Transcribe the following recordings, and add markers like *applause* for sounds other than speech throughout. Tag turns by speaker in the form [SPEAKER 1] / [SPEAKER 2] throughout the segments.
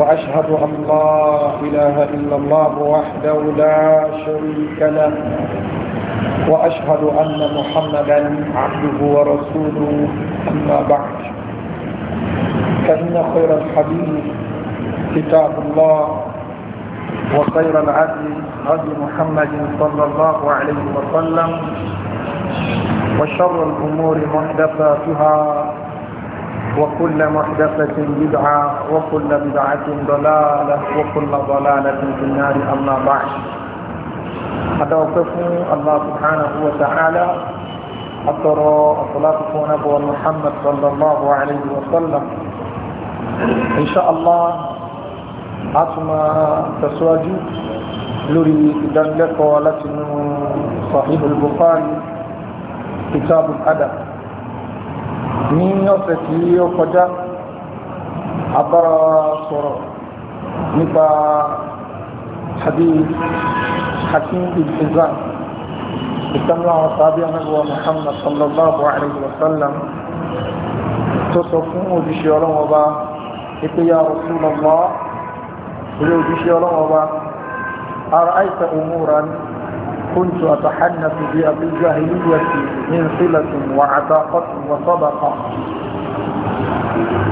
[SPEAKER 1] وأشهد أن لا إله إلا الله وحده لا شريك له وأشهد أن محمدا عبده ورسوله أما بعد فإن خير الحديث كتاب الله وخير العدل هدي محمد صلى الله عليه وسلم وشر الأمور محدثاتها وكل محدثة بدعة وكل بدعة ضلالة وكل ضلالة في النار أما بعد أتوقفوا الله سبحانه وتعالى أترى الصلاة نبوة محمد صلى الله عليه وسلم إن شاء الله أتما تسواجي لوري دلك ولكن صحيح البخاري كتاب الأدب ní ọ̀sẹ̀ tí ó kọjá abára sọ̀rọ̀ nípa hadith hakim bin hizan ìtàn láwọn sábẹ́ anábíwá muhammad sallallahu alayhi wa sallam tó sọ fún òjíṣẹ́ ọlọ́wọ́ bá ipe ya rasulullah ilé òjíṣẹ́ ọlọ́wọ́ bá ara àìsàn òmùra ni كنت أتحنث بأبي الجاهلية من صلة وعتاقة وصدقة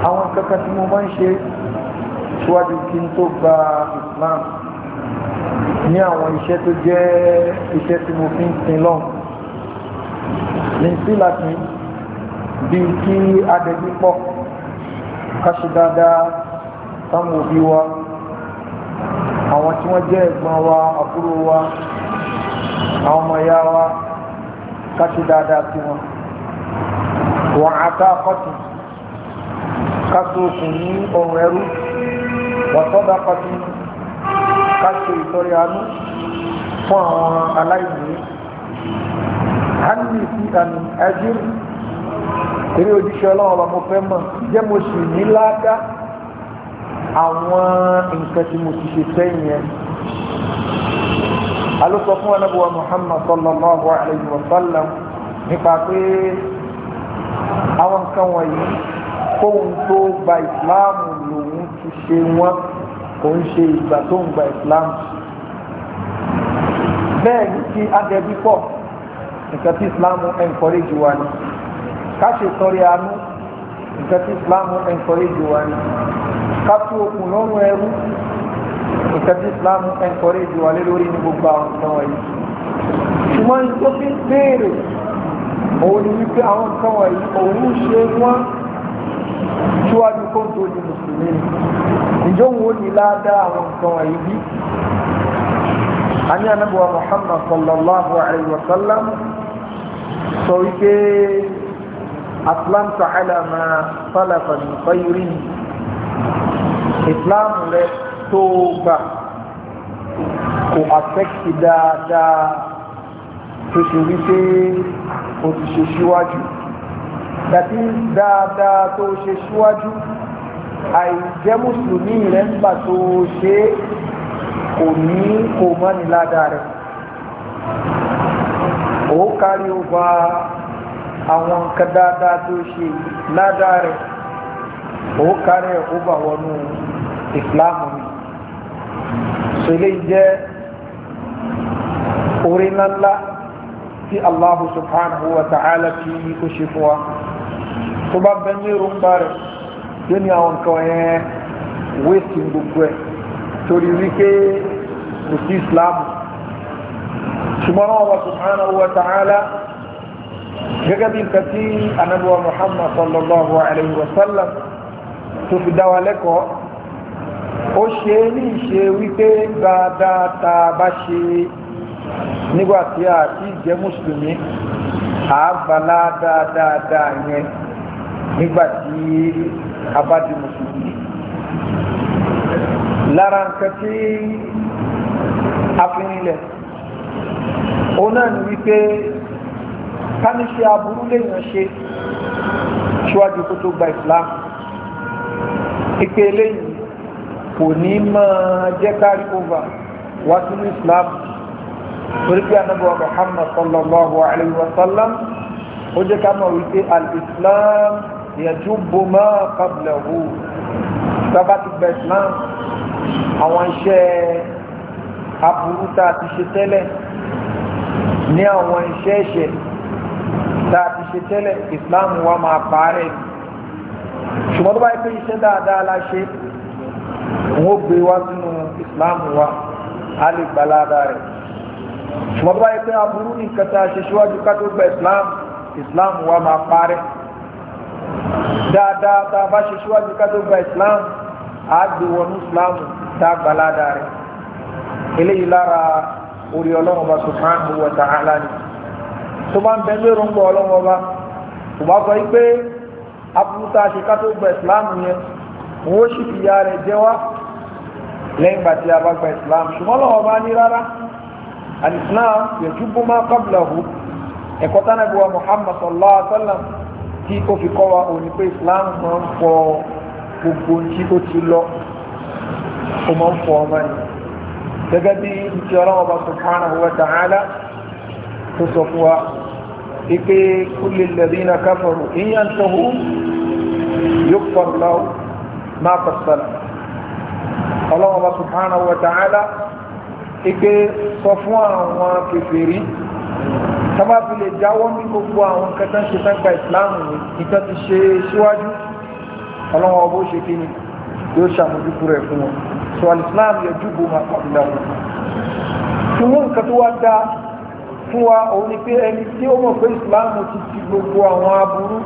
[SPEAKER 1] أو ككتم من شيء شواد كنت إسلام ní àwọn iṣẹ́ tó jẹ́ iṣẹ́ tí mo fi ń sin lọ́n ní sí láti bí kí adẹ́bí pọ̀ káṣe dáadáa táwọn òbí wa àwọn tí wọ́n jẹ́ ẹ̀gbọ́n wa àbúrò wa àwọn ọmọ ya wa ká ṣe dáadáa sí wọn wọn ata akọ́tù ká so okùn ní ọrùn ẹrú wọn tọ́da akọ́tù ká ṣe ìtọ́rẹ àánú fún àwọn aláìní hàní sí àmì ẹjírí eré òjíṣẹ́ ọlọ́run ọba mo fẹ́ mọ̀ jẹ́ mo sì ní láàdá àwọn nǹkan tí mo ti ṣe sẹ́yìn yẹn alóso fún anábọ̀wá muhammad sallallahu alayhi wa sallam nípa pé àwọn nǹkan wọ̀nyí kóhun tó gba ìsìláàmù lòun ti ṣe wọ́n kò ń ṣe ìgbà tó ń gba ìsìláàmù bẹ́ẹ̀ ni kí agẹbí pọ̀ nǹkan tí ìsìláàmù encourage wa ni ká ṣe tọrẹ àánú nǹkan tí ìsìláàmù encourage wa ni ká tú okùn lọ́rùn ẹrú nǹkan tí islam ẹnkọrí ju wa lé lórí ní gbogbo àwọn nǹkan wọ̀nyí ṣùgbọ́n tó fi ń béèrè òun ni wípé àwọn nǹkan wọ̀nyí òun ń ṣe wọ́n síwájú kó tó di mùsùlùmí ìjọ wo ni ládàá àwọn nǹkan wọ̀nyí bí ani anabuwa muhammad sallallahu alayhi wa sallam sọ wípé atlantu ala ma salafa min khayrin islam tó kò àfẹ́kì dáadáa tó ṣe wípé o ti ṣe síwájú dàbí dáadáa tó ṣe síwájú àìjẹ́ mùsùlùmí rẹ̀ ń gbà tó ṣe kò ní kò mọ́ni ládàá rẹ̀ ó kárí ó bá àwọn nǹkan dáadáa tó ṣe ládàá rẹ̀ ó kárí ó bá wọnú ìsìláàmù ni sọlẹ̀ jẹ́ orí ńláńlá tí Allahu subhanahu wa ta'ala fi ó ṣe fún wa tó bá bẹ ní rúmbà rẹ̀ yóò ní àwọn nǹkan yẹn wéètì gbogbo ẹ̀ torí wípé kò sí Islam ṣùgbọ́n Allah subhanahu wa ta'ala gẹ́gẹ́ bí nǹkan tí anabuwa Muhammad sallallahu alayhi wa sallam tó fi dá lẹ́kọ̀ọ́ ó ṣe ní ìṣe wípé dáadáa tá a bá ṣe nígbà tí a ti jẹ́ mùsùlùmí àgbàlá dáadáa yẹn nígbà tí a bá di mùsùlùmí lára nǹkan tí a fi nílẹ̀ òun náà ni wípé ká ní aburú lèèyàn ṣe ṣíwájú kó tó gba ìsìlámù ìpele yìí kò ní máa jẹ́ kárí over wá sínú islam torí pé anábọ̀ muhammad sallallahu alayhi wa sallam ó jẹ́ ká mọ̀ wípé al-islam yajubbu ma qablahu sábà ti gba islam àwọn iṣẹ́ aburú tá a ti ṣe tẹ́lẹ̀ ní àwọn iṣẹ́ ẹ̀ṣẹ̀ tá a ti ṣe tẹ́lẹ̀ islam wa máa bá ṣùgbọ́n tó bá yẹ pé iṣẹ́ dáadáa la ṣe wọ́n gbé wá sínú islam wa a lè gbalada rẹ̀ ṣùgbọ́n bá yẹ pé aburú ní nǹkan ṣe ṣíwájú ká tó gba islam islam wa máa parẹ́ dáadáa tá a bá ṣe ṣíwájú ká tó gba islam a gbé wọnú islam tá a gbalada rẹ̀ eléyìí lára orí ọlọ́run bá subhanahu wa ta'ala ni tó bá ń bẹ lérò ń gbọ́ ọlọ́run ọba kò bá sọ pé aburú tá a ṣe ká tó gba islam yẹn wọ́n ó fi ya rẹ̀ jẹ́ wá lẹ́yìn gbà tí a bá gba islam ṣùgbọ́n lọ́wọ́ bá ní rárá al-islam yajubu ma qablahu ẹ̀kọ́ tánàbí wa muhammad sallallahu alaihi wa sallam tí ó fi kọ́ wa òní pé islam máa ń fọ gbogbo tí ó ti lọ ó máa ń fọ ọmọ ni gẹ́gẹ́ bí ti ọlọ́wọ́ bá subhanahu wa ta'ala tó sọ fún wa ipe kulli alladhina kafaru in yantahu yughfar lahum ma qad ọlọ́run wa subhanahu wa ta'ala ike sọ fún àwọn kèfèrí sábàbí lè jáwọ́ ní gbogbo àwọn kẹta ṣe sẹ́gbà ìsìláàmù ní ìtọ́ ti ṣe síwájú ọlọ́run ọbọ̀ ṣe kí ni yóò ṣàmójúkú rẹ̀ fún wọn sọ alìsìláàmù yẹ jùbù máa pàdé wọn fún nǹkan tó wá dá fún wa òun ni pé ẹni tí ó mọ̀ pé ìsìláàmù ti ti gbogbo àwọn aburú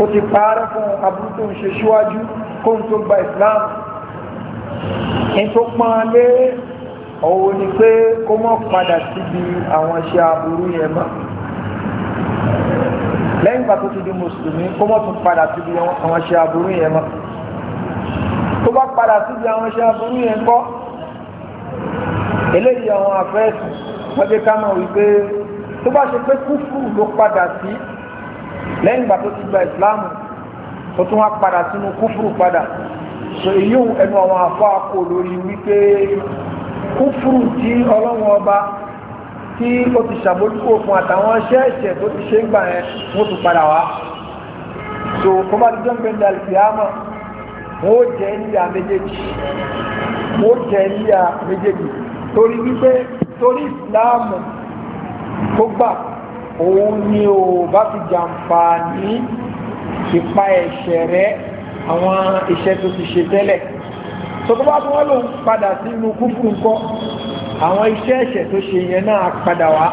[SPEAKER 1] ó ti parẹ́ fún aburú tó ń ṣe síwájú kó tó gba ìsìláàmù ní tó pọ́n lé ọ̀wọ́ ni pé kó mọ́ padà síbi àwọn iṣẹ́ aburú yẹn mọ́ lẹ́yìn ìgbà tó ti di mùsùlùmí kó mọ́ tún padà síbi àwọn iṣẹ́ aburú yẹn mọ́ tó bá padà síbi àwọn iṣẹ́ aburú yẹn kọ́ eléyìí àwọn afẹ́sì wọ́n jẹ́ ká mọ̀ wípé tó bá ṣe pé kúfù ló padà sí lẹ́yìn ìgbà tó ti gba ìsìláàmù tó tún wá padà sínú kúfù padà so èyíhùn ẹnu àwọn afọ àpò lórí wípé kúfùrù tí ọlọ́run ọba tí ó ti ṣàbójúkò fún àtàwọn iṣẹ́ ẹ̀ṣẹ̀ tó ti ṣe ń gbà yẹn wọ́n tún padà wá so kó bá ti jọ́ pé ní alìkìyàmọ̀ wọ́n ó jẹ́ níyà méjèèjì wọ́n ó jẹ́ níyà méjèèjì torí wípé torí ìsìláàmù tó gbà òun ni ò bá fi jàǹfààní ìpa ẹ̀ṣẹ̀ rẹ̀ àwọn iṣẹ́ tó ti ṣe tẹ́lẹ̀ tọ́tọ́ bá wọ́n lò ń padà sínú kúkú ńkọ́ àwọn iṣẹ́ ẹ̀ṣẹ̀ tó ṣe yẹn náà padà wá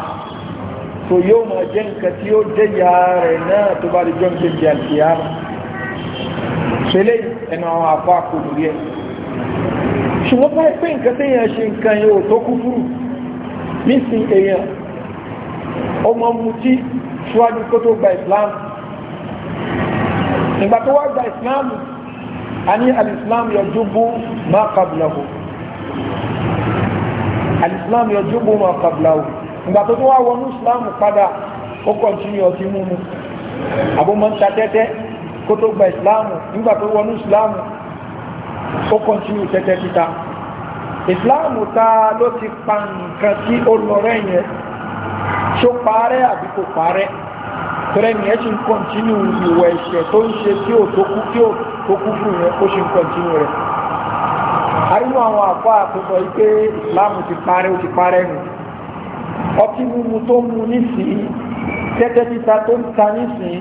[SPEAKER 1] tó yóò máa jẹ́ nǹkan tí ó jẹ́yà rẹ̀ náà tó bá di jọ́ nǹkan di àkíyàrá ṣẹlẹ̀ ẹnu àwọn àfọ àkòlù yẹn ṣùgbọ́n báyìí pé nǹkan téèyàn ṣe nǹkan yẹn nígbà tó wá gba ìsìláàmù a ní alìsìláàmù yajubu ma qablahu alìsìláàmù yajubu ma qablahu nígbà tó tó wá wọnú ìsìláàmù padà ó kọ̀ntínú ọtí mímu àbúmọ̀ ń ta tẹ́tẹ́ kó tó gba ìsìláàmù nígbà tó wọnú ìsìláàmù ó kọ̀ntínú tẹ́tẹ́ títa ìsìláàmù ta ló ti pa nǹkan tí ó lọ rẹ̀ parẹ́ àbí kò parẹ́ tẹ́rẹ́ni ẹ ṣe ń kọ́ntínú ìwọ̀ ẹ̀ṣẹ̀ tó ń ṣe tí ó tó kú tí ó tó kú fún yẹn ó ṣe ń kọ́ntínú rẹ̀ arínú àwọn àpá àtúntọ̀ yìí pé ìsìláàmù ti parẹ́ ó ti parẹ́ nù ọtí mímu tó mu nísìnyí tẹ́tẹ́ títa tó ń ta nísìnyí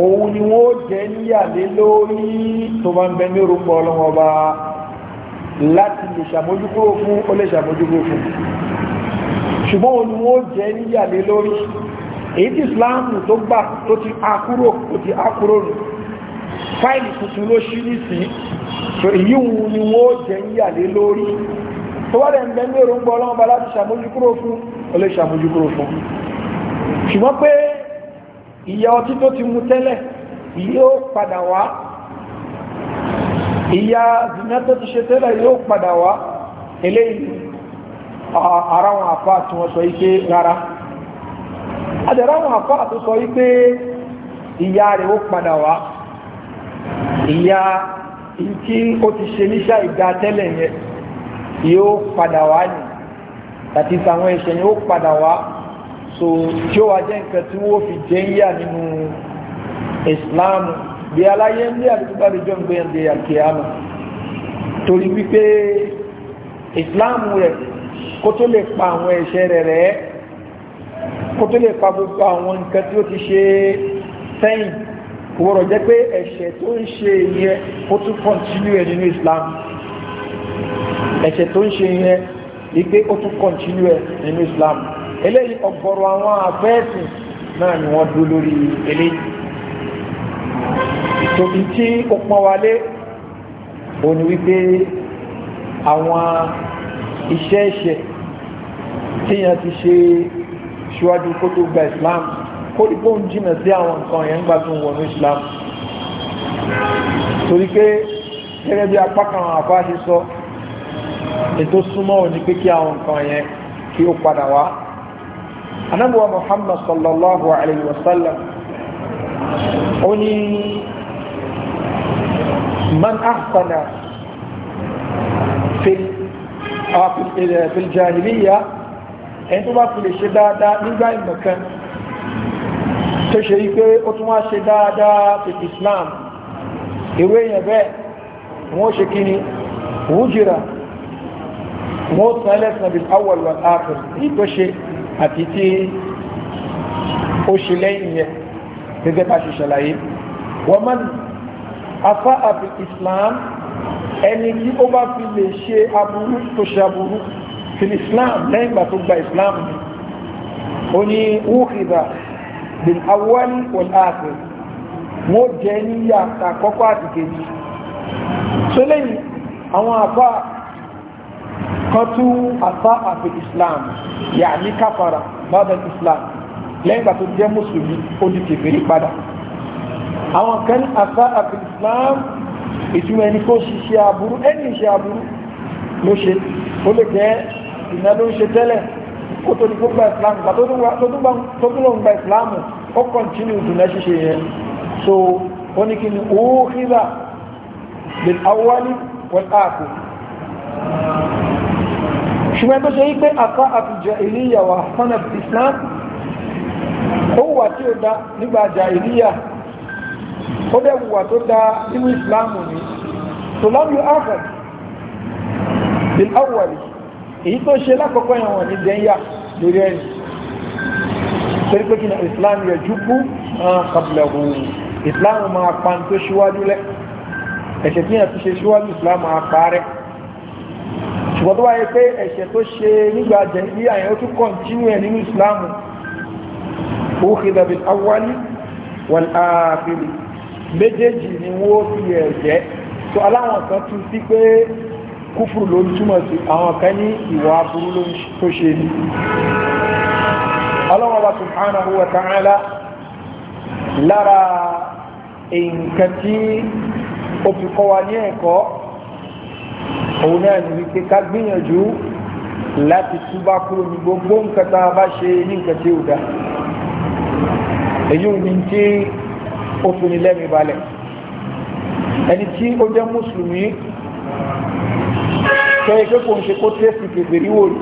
[SPEAKER 1] òun ni wọ́n jẹ́ níyàlé lórí tó bá ń bẹ ní orúkọ ọlọ́wọ́ bá láti lè ṣàmójúkúrò fún ó lè ṣàmójúkúrò fún ṣùgbọ́n òun ni wọ́n jẹ́ níyàlé lórí èyí tí islamu tó gbà tó ti akúrò kò ti akúrò nù fáìlì tuntun ló ṣí nìsí so èyí wù ni wọ́n jẹ́ ń yà lé lórí tó wá dẹ̀ ń bẹ ní èròǹgbọ́ ọlọ́mọba láti ṣàmójúkúrò fún ó lè ṣàmójúkúrò fún ṣùgbọ́n pé ìyà ọtí tó ti mu tẹ́lẹ̀ yóò padà wá ìyà zina tó ti ṣe tẹ́lẹ̀ yóò padà wá eléyìí ara wọn àfa tí wọ́n sọ ike rárá àdẹ̀rọ àwọn àfá àti sọ wípé ìyá rẹ̀ ó padà wá ìyá tí ó ti ṣe níṣà ìgbà tẹ́lẹ̀ yẹn yóò padà wá ní àti tàwọn ẹ̀ṣẹ̀ yẹn padà wá so tí ó wá jẹ́ nǹkan tí wọ́n fi jẹ́ ń yà nínú Islam bí aláyé ń lé àti bá ìjọ ń gbé ẹ̀dẹ̀ àkíyàmà torí wípé Islam rẹ̀ kó tó lè pa àwọn ẹ̀ṣẹ̀ rẹ̀ rẹ̀ kó lè pa gbogbo àwọn nǹkan tí ó ti ṣe sẹ́yìn kò jẹ́ pé ẹ̀ṣẹ̀ tó ń ṣe yẹn ó tún kọ́ntínú ẹ̀ nínú Islam ẹ̀ṣẹ̀ tó ń ṣe yẹn ìgbé ó tún kọ́ntínú ẹ̀ nínú Islam eléyìí ọ̀gọ̀rọ̀ àwọn àfẹ́ẹ̀sìn náà ni wọ́n dúró lórí eléyìí tòbí tí ó pọ́n wálé òní wípé àwọn iṣẹ́ ẹ̀ṣẹ̀ tíyàn ti ṣe ṣíwájú kó tó gba islam kó dìbò ń jìnà sí àwọn nǹkan yẹn nígbà tó ń wọnú islam torí pé gẹ́gẹ́ bí apá kan àwọn àbá ṣe sọ ètò súnmọ́ ò ní pé kí àwọn nǹkan yẹn kí ó padà wá anábùwà muhammad sallallahu alayhi wa sallam ó ní man ahsana في الجاهلية ẹni tó bá fi lè ṣe dáadáa nígbà ìmọ̀kan tó ṣe yí pé ó tún wá ṣe dáadáa fi Islam ìwé yẹn bẹ́ẹ̀ wọ́n ṣe kí ni wújìrà wọ́n tún ẹlẹ́sìn bí awọ̀lù àkùn ìgbó ṣe àti tí ó ṣe lẹ́yìn yẹn gẹ́gẹ́ bá ṣe ṣàlàyé wọ́n mọ́ afá àfi Islam ẹni tí ó bá fi lè ṣe aburú tó ṣe aburú fi islam lẹ́yìn ìgbà tó gba islam ó ní wúhìdà bin awwal wal akhir wọ́n jẹ níyà àkọ́kọ́ àti kejì so lẹ́yìn àwọn àbá kan tú àbá àfi islam yà ní káfàrà bàbá islam lẹ́yìn ìgbà tó jẹ́ mùsùlùmí ó di kèfèrí padà àwọn kan àbá àfi islam ìtumọ̀ ẹni kó ṣiṣẹ́ aburú ẹni iṣẹ́ aburú ló ṣe ó lè jẹ́ ìná ló ń ṣe tẹ́lẹ̀ kó tó ní gbogbo islam gbà tó tó lọ ń gba islam ó kọ̀ntínú ìdùnnà ṣíṣe yẹn so ó ní kí ni ó hílà bil awwali wal akhir ṣùgbọ́n tó ṣe yí pé àká àtijọ́ ìlíyà wà sánà islam ó wà tí ó dá nígbà àjà ìlíyà ó dẹ̀ wùwà tó dá nínú islam ni so lọ́bí áfẹ́ bil awwali èyí tó ṣe lákọ̀ọ́kọ́ yẹn wọ̀n ní dẹ́yà lórí ẹ̀yìn torí pé kí ni islam yẹ jùkú kọ̀bùlẹ̀hù islam máa pa ní tó ṣíwájú lẹ̀ ẹ̀ṣẹ̀ tí yẹn tó ṣe ṣíwájú islam máa pa rẹ̀ ṣùgbọ́n tó wáyé pé ẹ̀ṣẹ̀ tó ṣe nígbà jẹ́ ní àyẹ̀ ó tún kọ̀ntínú ẹ̀ nínú islam ó kì dàbí awali wal akhiri méjèèjì ni wọ́n fi ẹ̀ jẹ́ tó aláwọn kan tún kúfùrù ló túmọ̀ sí àwọn kan ní ìwà aburú tó ṣe ní ọlọ́wọ́ba subhanahu wa ta'ala lára nǹkan tí ó fi kọ́ wa ní ẹ̀kọ́ òun náà ní wípé ká gbìyànjú láti túbá kúrò ní gbogbo nǹkan tá a bá ṣe ní nǹkan tí ó èyí ò tí ó fi ní lẹ́mìí balẹ̀ ẹni tí ó jẹ́ mùsùlùmí kẹ́yẹ pé kò ń ṣe kó tẹ́sì kèfèrí wò rí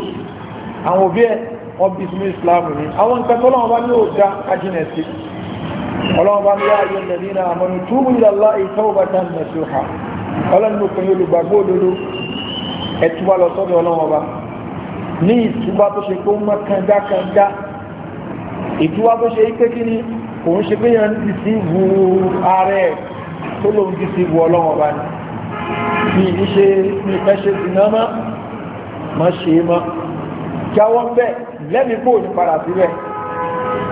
[SPEAKER 1] àwọn òbí ẹ̀ wọ́n bí sínú ìsìláàmù ní àwọn nǹkan tó lọ́wọ́ bá ní òjá kájínà sí ọlọ́wọ́ bá ní láàyè lẹ́ní náà àmọ́nu túbú ìlàlá tawbatan nasuha ọlọ́run ló pẹ̀lú olùgbàgbọ́ òdodo ẹ̀túbà lọ sọ́dọ̀ ọlọ́wọ́ bá ní ìtúbà tó ṣe pé ó mọ́ kangakanga ìtúbà tó ṣe pé kí ni kò ń ṣe pé yẹn ń dìsí ìwú ààrẹ tó lóun dìsí ìwú ọlọ́wọ́ bá ni ní ìṣe ní ẹṣẹ́ ìnáma ma ṣe é ma jáwọ́ bẹ́ẹ̀ lẹ́mí kò ní padà sílẹ̀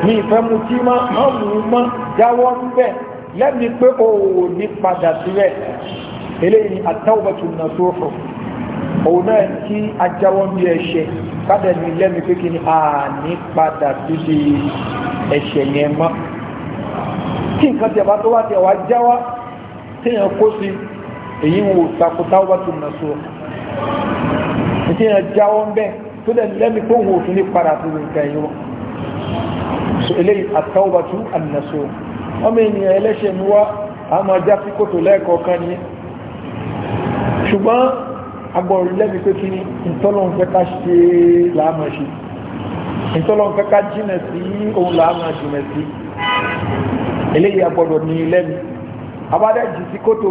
[SPEAKER 1] ní ìfẹ́ mu tí ma má mú un ma jáwọ́ bẹ́ẹ̀ lẹ́mí pé o ò ní padà sílẹ̀ eléyìí àtàwọ̀bẹ̀tù nà tó fọ̀ òun náà kí ajáwọ́ bí ẹṣẹ́ kádà ní lẹ́mí pé kí ni a ní padà síbi ẹṣẹ̀ yẹn mọ́ kí nǹkan tẹ̀ bá tó wá tẹ̀ wá jáwọ́ téèyàn kó sí i èyí wò takùtà wà tó nà so ìdí yẹn jáwọ́ ń bẹ́ tó dẹ̀ lẹ́mi tó ń wò fún ní padà tó nǹkan yìí wọ́n so eléyìí àtàwà tó ànà so ọmọ ènìyàn ẹlẹ́ṣẹ̀ ni wá a máa já sí kòtò lẹ́ẹ̀kọ̀ọ̀kan ni ṣùgbọ́n agbọ̀rù lẹ́bi pé kí ni ìtọ́lọ̀ ń fẹ́ ká ṣe láàmà ṣe ìtọ́lọ̀ ń fẹ́ ká jìnà sí ohun láàmà jìnà sí eléyìí agbọ̀rù ní lẹ́bi abádẹ́jì sí kòtò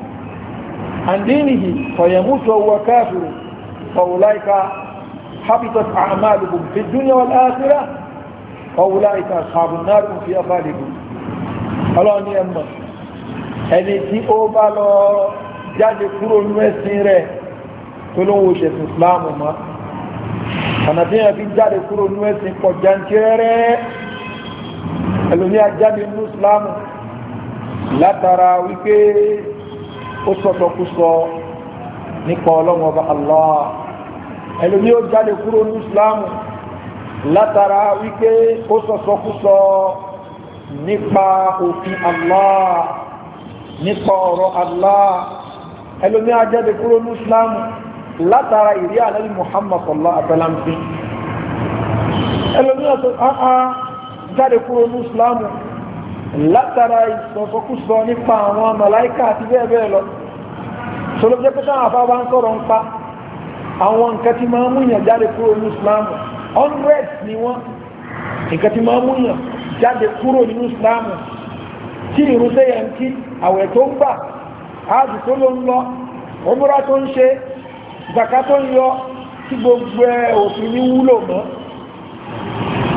[SPEAKER 1] عن دينه فيموت وهو كافر فأولئك حبطت أعمالهم في الدنيا والآخرة فأولئك أصحاب النار هم في أخالهم ọlọ́run ní ẹmọ̀ ẹni tí ó bá lọ jáde kúrò ní ẹ̀sìn rẹ̀ tó ló ń wo ṣẹ̀sìn islam mọ́ ọ̀nà tí yẹn fi jáde kúrò ní ẹ̀sìn pọ̀ jàǹtìrẹ́rẹ́ ẹlòmíà jáde ní islam látara wípé ó sọ́tọ̀kúsọ nípa ọlọ́run ọba allah ẹlòmí ó jáde kúrò ní islamu látara wípé ó sọ́tọ̀kúsọ nípa òfin allah nípa ọ̀rọ̀ allah ẹlòmí á jáde kúrò ní islamu látara ìrí àlẹ́lì muhammad sallallahu alaihi wasallam ẹlòmí á jáde kúrò ní islamu látara ìsọ̀sọ́kúsọ nípa àwọn màláíkà àti bẹ́ẹ̀ bẹ́ẹ̀ lọ sọlọ́ jẹ́ pé táwọn afá bá ń sọ̀rọ̀ ń pa àwọn nǹkan tí máa ń múyàn jáde kúrò ní ìsìláàmù hundred ni wọ́n nǹkan tí máa ń múyàn jáde kúrò nínú ìsìláàmù tí ìrúsẹ́ yẹn kí àwẹ̀ tó ń gbà áàdù tó ló ń lọ òmúra tó ń ṣe zaka tó ń yọ tí gbogbo ẹ̀ òfin ní wúlò mọ́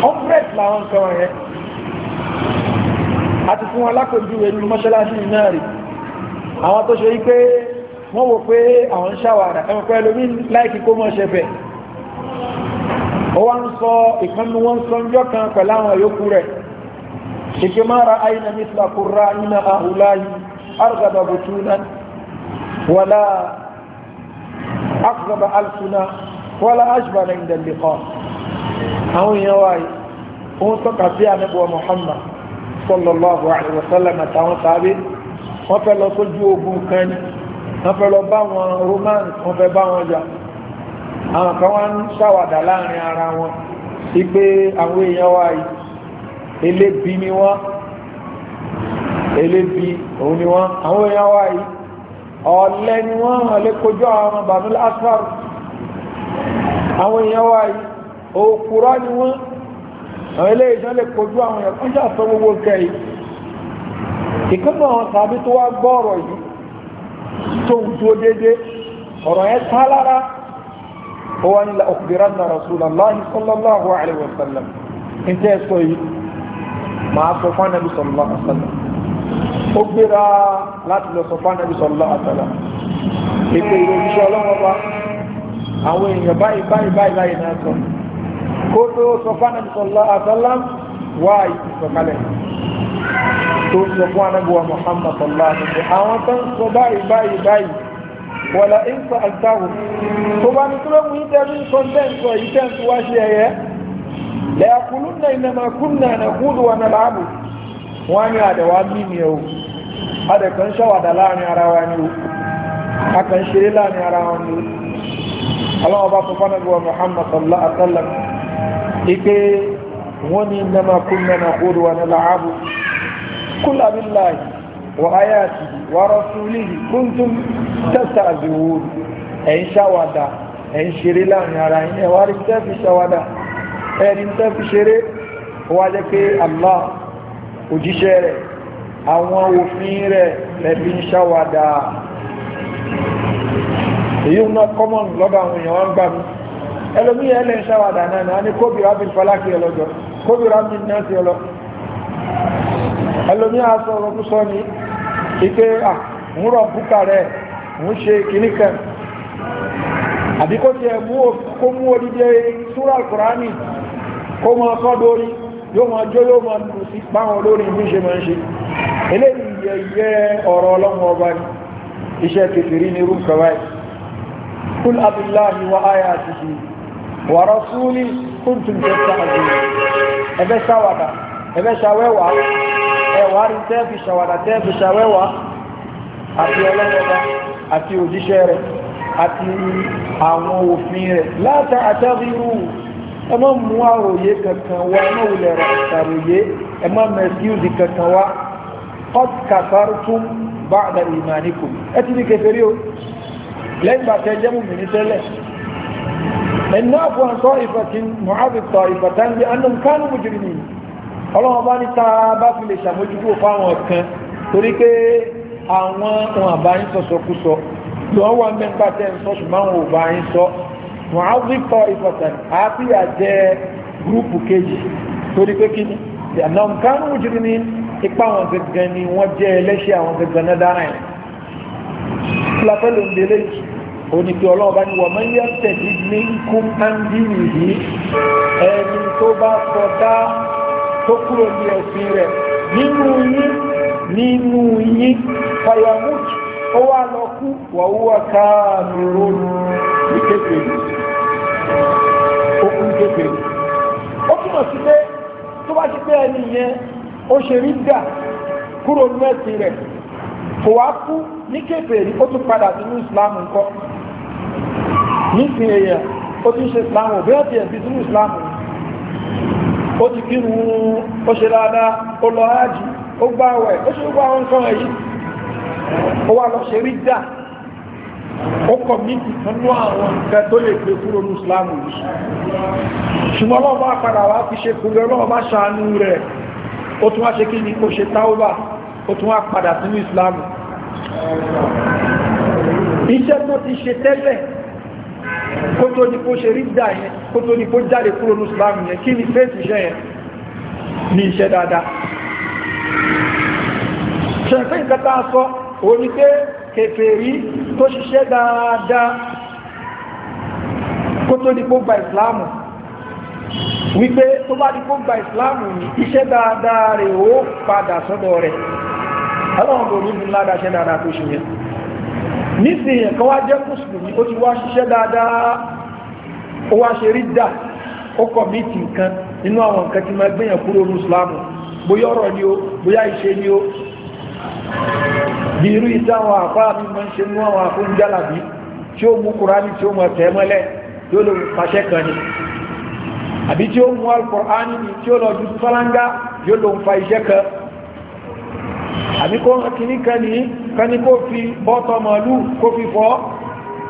[SPEAKER 1] hundred làwọn nǹkan wọ̀nyẹn àti fún alákòjú rẹ̀ nínú mọ́ṣáláṣí náà rí àwọn tó ṣe wípé wọ́n wò pé àwọn ń ṣàwàrà ẹ̀wọ̀n pẹ̀lú mí láìkí kó mọ́ ṣẹfẹ̀ ó wá ń sọ ìkànnì wọn sọ ń jọ́kan pẹ̀lú àwọn èèyàn wáyé ó tọ́ka sí ànábì wa sallallahu alaihi wasallam àtàwọn sáré wọ́n fẹ́ lọ sójú ogun kan ní wọ́n fẹ́ lọ bá wọn romance wọ́n fẹ́ bá wọn jà àwọn kan wá ń ṣàwàdà láàrin ara wọn sí pé àwọn èèyàn wa yìí elébi ni wọ́n elébi òun ni wọ́n àwọn èèyàn wa yìí ọ̀lẹ ni wọ́n hàn kojú àwọn bàbá lásàrò àwọn èèyàn wa yìí òkúrọ́ ni wọ́n àwọn ilé ìjọ́ lè kojú àwọn èèyàn fún jàsọ gbogbo nǹkan yìí ìkọ́nà àwọn tàbí tó wá gbọ́ ọ̀rọ̀ yìí tó ń dúó dédé ọ̀rọ̀ yẹn tá lára ó wá nílẹ̀ ọ̀kùnrin náà Rasulullahi sallallahu alaihi láti lọ sọ fún anabi sallallahu alaihi
[SPEAKER 2] wa sallam
[SPEAKER 1] àwọn èèyàn báyìí báyìí báyìí láyé náà sọ kó tó sọ fánàbí sọlá àtàlám wá ìsọ̀kalẹ̀ tó sọ fún anábíwá Muhammad sọlá àtàlám àwọn tó ń sọ báyìí báyìí báyìí wọ̀là ìsọ̀ àtàwọn tó bá ní kúrò mú ìtẹ́rí sọ́ńtẹ́ǹtì ìtẹ́ǹtì wá ṣe ẹ̀yẹ lẹ́yàkùnú náà ìnàmà kúnnà nà kúrò wọn nà láàbù wọn ni àdẹ̀wà mímì ẹ̀wò adẹ̀kan ṣàwàdà láàrin ara wa ni o akàn ṣeré láàrin ara wa ni o aláwọ̀ bá fọ́fánà bí wọn Muhammad sallallahu alaihi wa ike wọ́n ní nama kunna naqulu wa nal'abu qul billahi wa ayatihi wa rasulihi kuntum tastahzi'un ẹ̀ ń ṣàwàdà ẹ̀ ṣeré láàrin ara yín ẹ̀ rí tẹ́ fi ṣàwàdà ẹ̀ tẹ́ fi ṣeré wá jẹ́ pé Allah òjíṣẹ́ rẹ̀ àwọn òfin rẹ̀ lẹ́bí ń èyí ń ná common lọ́dọ̀ ẹlòmí yẹn lè ṣàwádà náà náà ní kóbi rábìn falákì ọlọ́jọ́ kóbi rábìn náà sí ọlọ́ ẹlòmí aṣọ ọlọ́dún sọ ni ike à ń rọ̀ búkà rẹ̀ ń ṣe kìíní kan àbí kó tiẹ̀ kó mú odidi súrà kùránì kó mọ ọkọ́ dórí yóò mọ jó yóò mọ lù sí páwọn olórin bí ṣe máa ń ṣe eléyìí yẹyẹ ọ̀rọ̀ ọlọ́run ọba ni iṣẹ́ kẹfìrí ní rúkọ báyìí kúl abdullahi wa ayatihi warasuli kuntum tẹsán ẹbẹ ṣàwàdà ẹbẹ ṣàwẹwà ẹwàárí tẹẹfì ṣàwàdà tẹẹfì ṣàwẹwà
[SPEAKER 2] àti ọlọ́mọba
[SPEAKER 1] àti òjíṣẹ́ rẹ̀ àti àwọn òfin rẹ̀ láta àtàrírù ẹ má mú àròyé kankan wá ẹ má wulẹ̀ rà àròyé ẹ má mẹ́síùsì kankan wá qad kafartum ba'da imanikum ẹ ti ní kẹfẹ́rí o lẹ́yìn bàtẹ́ mi ní tẹ́lẹ̀ ẹni náà fún ọ̀sọ́ ìfẹ̀kín mọ̀hábìtọ̀ ìfẹ̀tán bí anum kánú mùjìrìmì ọlọ́wọ́n bá ní ta bá fi lè ṣàmójúgbò fáwọn kan torí pé àwọn ohun àbá ń sọ̀sọ̀ kú sọ lọ́wọ́ wọn mẹ́ta tẹ́ ń sọ ṣùgbọ́n àwọn ò bá ń sọ mọ̀hábìtọ̀ ìfẹ̀tán àti àjẹ gúrúùpù kejì torí pé kí ni anum kánú mùjìrìmì ipa wọn gẹ́gẹ́ ni wọ́n jẹ́ ẹlẹ́ṣẹ̀ àwọn gẹ́gẹ́ náà dára yẹn oníkẹ́ ọlọ́ọ̀bá ni wọ́n máa ń yẹ tẹ̀lé ní ikú áńdínì yìí ẹni tó bá sọdá tó kúrò ní ẹ̀sìn rẹ̀ nínú yín nínú yín fayamut ó wà lọ kú wàhúwà káàmìrò ní kékeré ó kú kékeré ó túmọ̀ sí pé tó bá ti pé ẹni yẹn ó ṣe rí dà kúrò ní ẹ̀sìn rẹ̀ kò wá kú ní kékeré ó tún padà sínú ìsìlámù nǹkan nísìn ẹ̀yẹ ó ti ṣe islamu bí ó ti ẹ̀bí sínú islamu ó ti kí mú ó ṣe dáadáa ó lọ ájì ó gbá ọ̀wẹ̀ ó ṣe gbá ọ̀n kan ẹ̀yí ó wá lọ ṣe rí dà ó kọ̀ mítì nínú àwọn nǹkan tó lè pé kúrò ní islamu yìí ṣùgbọ́n lọ́wọ́ bá padà wá fi ṣe kúrò lọ́wọ́ bá ṣàánú rẹ̀ ó tún wá ṣe kí ni ó ṣe táwọ́bà ó tún wá padà sínú islamu iṣẹ́ tó ti ṣe tẹ́lẹ̀ kó tó ní kó ṣe rí dà yẹn kó tó ní kó jáde kúrò ní islam yẹn kí ni faith iṣẹ́ yẹn ní iṣẹ́ dáadáa ṣẹ̀fẹ́ ìkẹta sọ òun ni pé kèfèrí islam wípé tó bá ní kó gba islam ní iṣẹ́ dáadáa rẹ̀ ó padà sọ́dọ̀ rẹ̀ ọlọ́run ló ní ládàṣẹ́ dáadáa tó ṣe yẹn nísìnyàn kan wá jẹ́ mùsùlùmí ó ti wá ṣiṣẹ́ dáadáa ó wá ṣe rí dà ó kọ̀mítì nǹkan nínú àwọn nǹkan tí máa gbẹ̀yàn kúrò ní bóyá ọ̀rọ̀ ni ó bóyá ìṣe ni ó bí irú ìta àwọn àfáà mi máa ń ṣe nú àwọn àfóúnjálàbí tí ó mú kùránì tí ó mọ̀ tẹ́ mọ́lẹ̀ tí ó lè pàṣẹ kan ni àbí tí ó mú alkùránì tí ó lọ ju fálángá yóò lòun àbí kó hàn kìíní kan ní kan ní kó fi bọ́tọ̀ màálù kó fi fọ́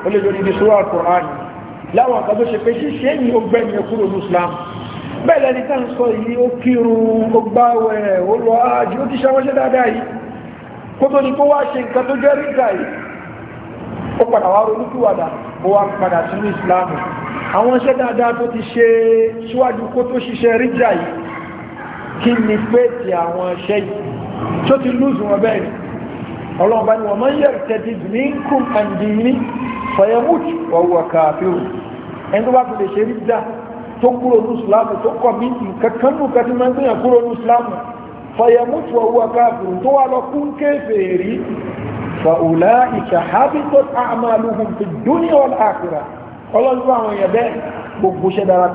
[SPEAKER 1] ó lè lórí ìṣúra Al-Qur'an láwọn kan tó ṣe pé ṣíṣe ní ó gbẹ̀mí kúrò ní Islam bẹ́ẹ̀ lẹni tá ń sọ yìí ó kírun ó gbáwẹ̀ ó lọ ájú ó ti ṣàwọ́ṣẹ́ dáadáa yìí kó tó ní kó wá ṣe nǹkan tó jẹ́ rígbà yìí ó padà wá ronúkúwàdà ó wá padà sínú ìsìláàmù àwọn iṣẹ́ dáadáa tó ti ṣe síwájú kó tó kí ni pé ti àwọn iṣẹ́ tó ti lùzù wọn bẹ́ẹ̀ ọlọ́ọ̀bá ni wọ́n máa ń yẹ tẹ́tí ní kún àǹdí ní fayamut wàhùwà káfíù ẹni tó bá fi lè ṣe rí dá tó kúrò ní ìsìláàmù tó kọ̀ mí kankan nù kàtí máa ń gbìyàn kúrò ní ìsìláàmù fayamut wàhùwà káfíù tó wà lọ kún kéfèèrí fàùláìkà hábítọ́t àmàlùhùn fi dúníà wal àkírà ọlọ́dún àwọn èèyàn bẹ́ẹ̀ gbogbo ṣẹ́ dára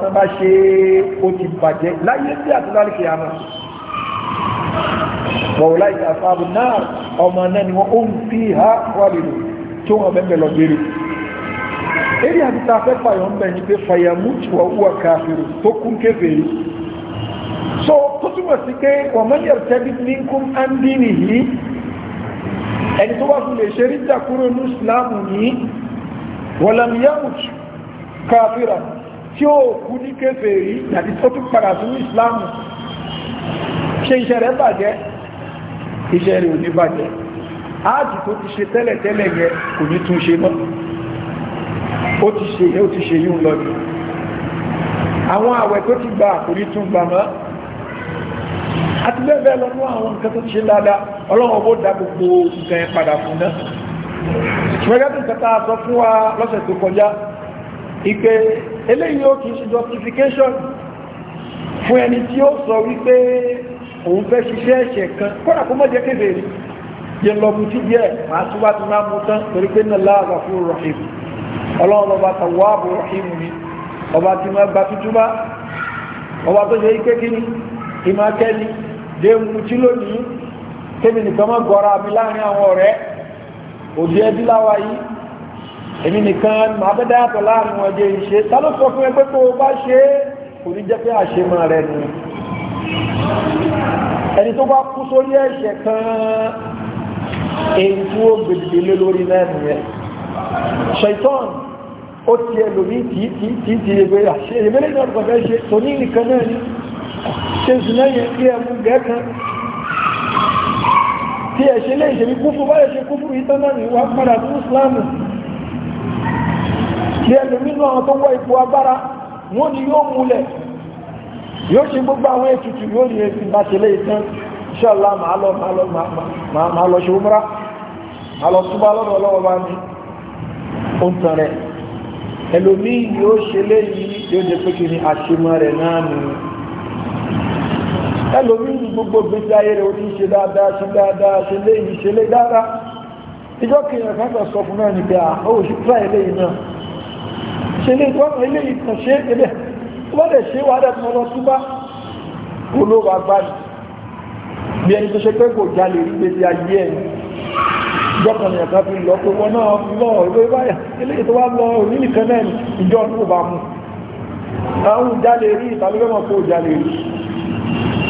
[SPEAKER 1] wọ̀wọ̀láì àfáàbù náà ọmọ náà ni wọ́n ó ń fi ha wà lèrò tí wọ́n bẹ́ẹ̀ lọ gbére eré àbíta afẹ́fà yọ̀ ń bẹ̀ ní pé fàyàmùtù ọwọ́ káfíìrì tó kún kéfèé so tó túmọ̀ sí pé wọ́n mọ́ yẹ̀rù tẹ́bí ní kún áńdí nìyí ẹni tó bá fi lè ṣe rídà kúrò ní Islam yìí wọ́n káfíìrà tí ó kú ní kéfèé àti tó tún padà sí Islam ṣe iṣẹ́ rẹ̀ bàjẹ́ iṣẹ́ rẹ̀ ò ní bàjẹ́ áàtì tó ti ṣe tẹ́lẹ̀tẹ́lẹ̀ yẹ kò ní tún ṣe mọ́ ó ti ṣe yẹ́ ó ti ṣe yíò lọ ní àwọn àwẹ̀ tó ti gba kò ní tún gbà mọ́ àti bẹ́ẹ̀ lọ́nú àwọn nǹkan tó ti ṣe dáadáa ọlọ́run ó dá gbogbo nǹkan yẹn padà fún náà ṣùgbọ́n tó kẹta sọ fún wa lọ́sẹ̀ tó fún ẹni tí ó sọ wípé òun fẹ́ ṣiṣẹ́ ẹ̀ṣẹ̀ kan kọ́nà kó mọ́jẹ́ kéde rí yẹn lọ mú tí díẹ̀ máa tún bá ti máa mú tán torí pé náà láàbà fún rahim ọlọ́run ọba tàwáàbò rahim ni ọba tí máa gba tuntun bá ọba tó ṣe ike kíní ìmọ̀ akẹ́ni dé mú tí lónìí tèmi nìkan mọ́ gọ́ra mi láàrin àwọn ọ̀rẹ́ òbí ẹbí láwa yìí èmi nìkan máa bẹ́ dáyàtọ̀ láàrin wọn jẹ́ ìṣe tá sọ fún ẹgbẹ́ tó o bá ṣe kò ní jẹ́ pé àṣemọ́ rẹ nìyẹn ẹni tó bá kú sórí ẹ̀ṣẹ̀ kan èyí tí ó gbèdìdè lé lórí náà nìyẹn ṣaitan ó ti ẹlòmí tí tí tí tí ẹgbẹ́ àṣẹ ìmẹ́lẹ́ náà kọ̀ọ̀fẹ́ ṣe tó ní nìkan náà ni ṣe ìsìnà yẹn kí ẹ mú gẹ́ kan tí ẹ ṣe lé ìṣèlú kúfù báyẹ̀ ṣe kúfù ìtàn náà wà padà fún ìsìláàmù tí ẹlòmí náà tó wọ ipò agbára wọ́n ni yóò múlẹ̀ yóò ṣe gbogbo àwọn ètùtù yóò rí èsì bá ṣe lé ìtàn inshallah máa lọ máa lọ máa lọ ṣe umra máa lọ túbá lọ́dọ̀ ọlọ́wọ́ bá ní oúnjẹ rẹ̀ ẹlòmí yóò ṣe lé yìí yóò jẹ pé kí ni àṣemọ rẹ̀ náà nù ẹlòmí gbogbo gbèsè ayé rẹ̀ ó ṣe dáadáa ṣe dáadáa ṣe lé yìí ṣe lé dáadáa wọ́n lè ṣe wà dẹ̀ mọ́ lọ túbá kò ló wà gbáyìí bí ẹni tó ṣe pé kò jalè rí gbèsè ayé ẹ̀ jọ́kànlá ẹ̀ka fi lọ pé wọn náà lọ ìwé báyà eléyìí tó wá lọ òní nìkan náà ní ìjọ tó bá mú àwọn jalè rí ìtàlẹ́gbẹ́ mọ̀ pé ó jalè rí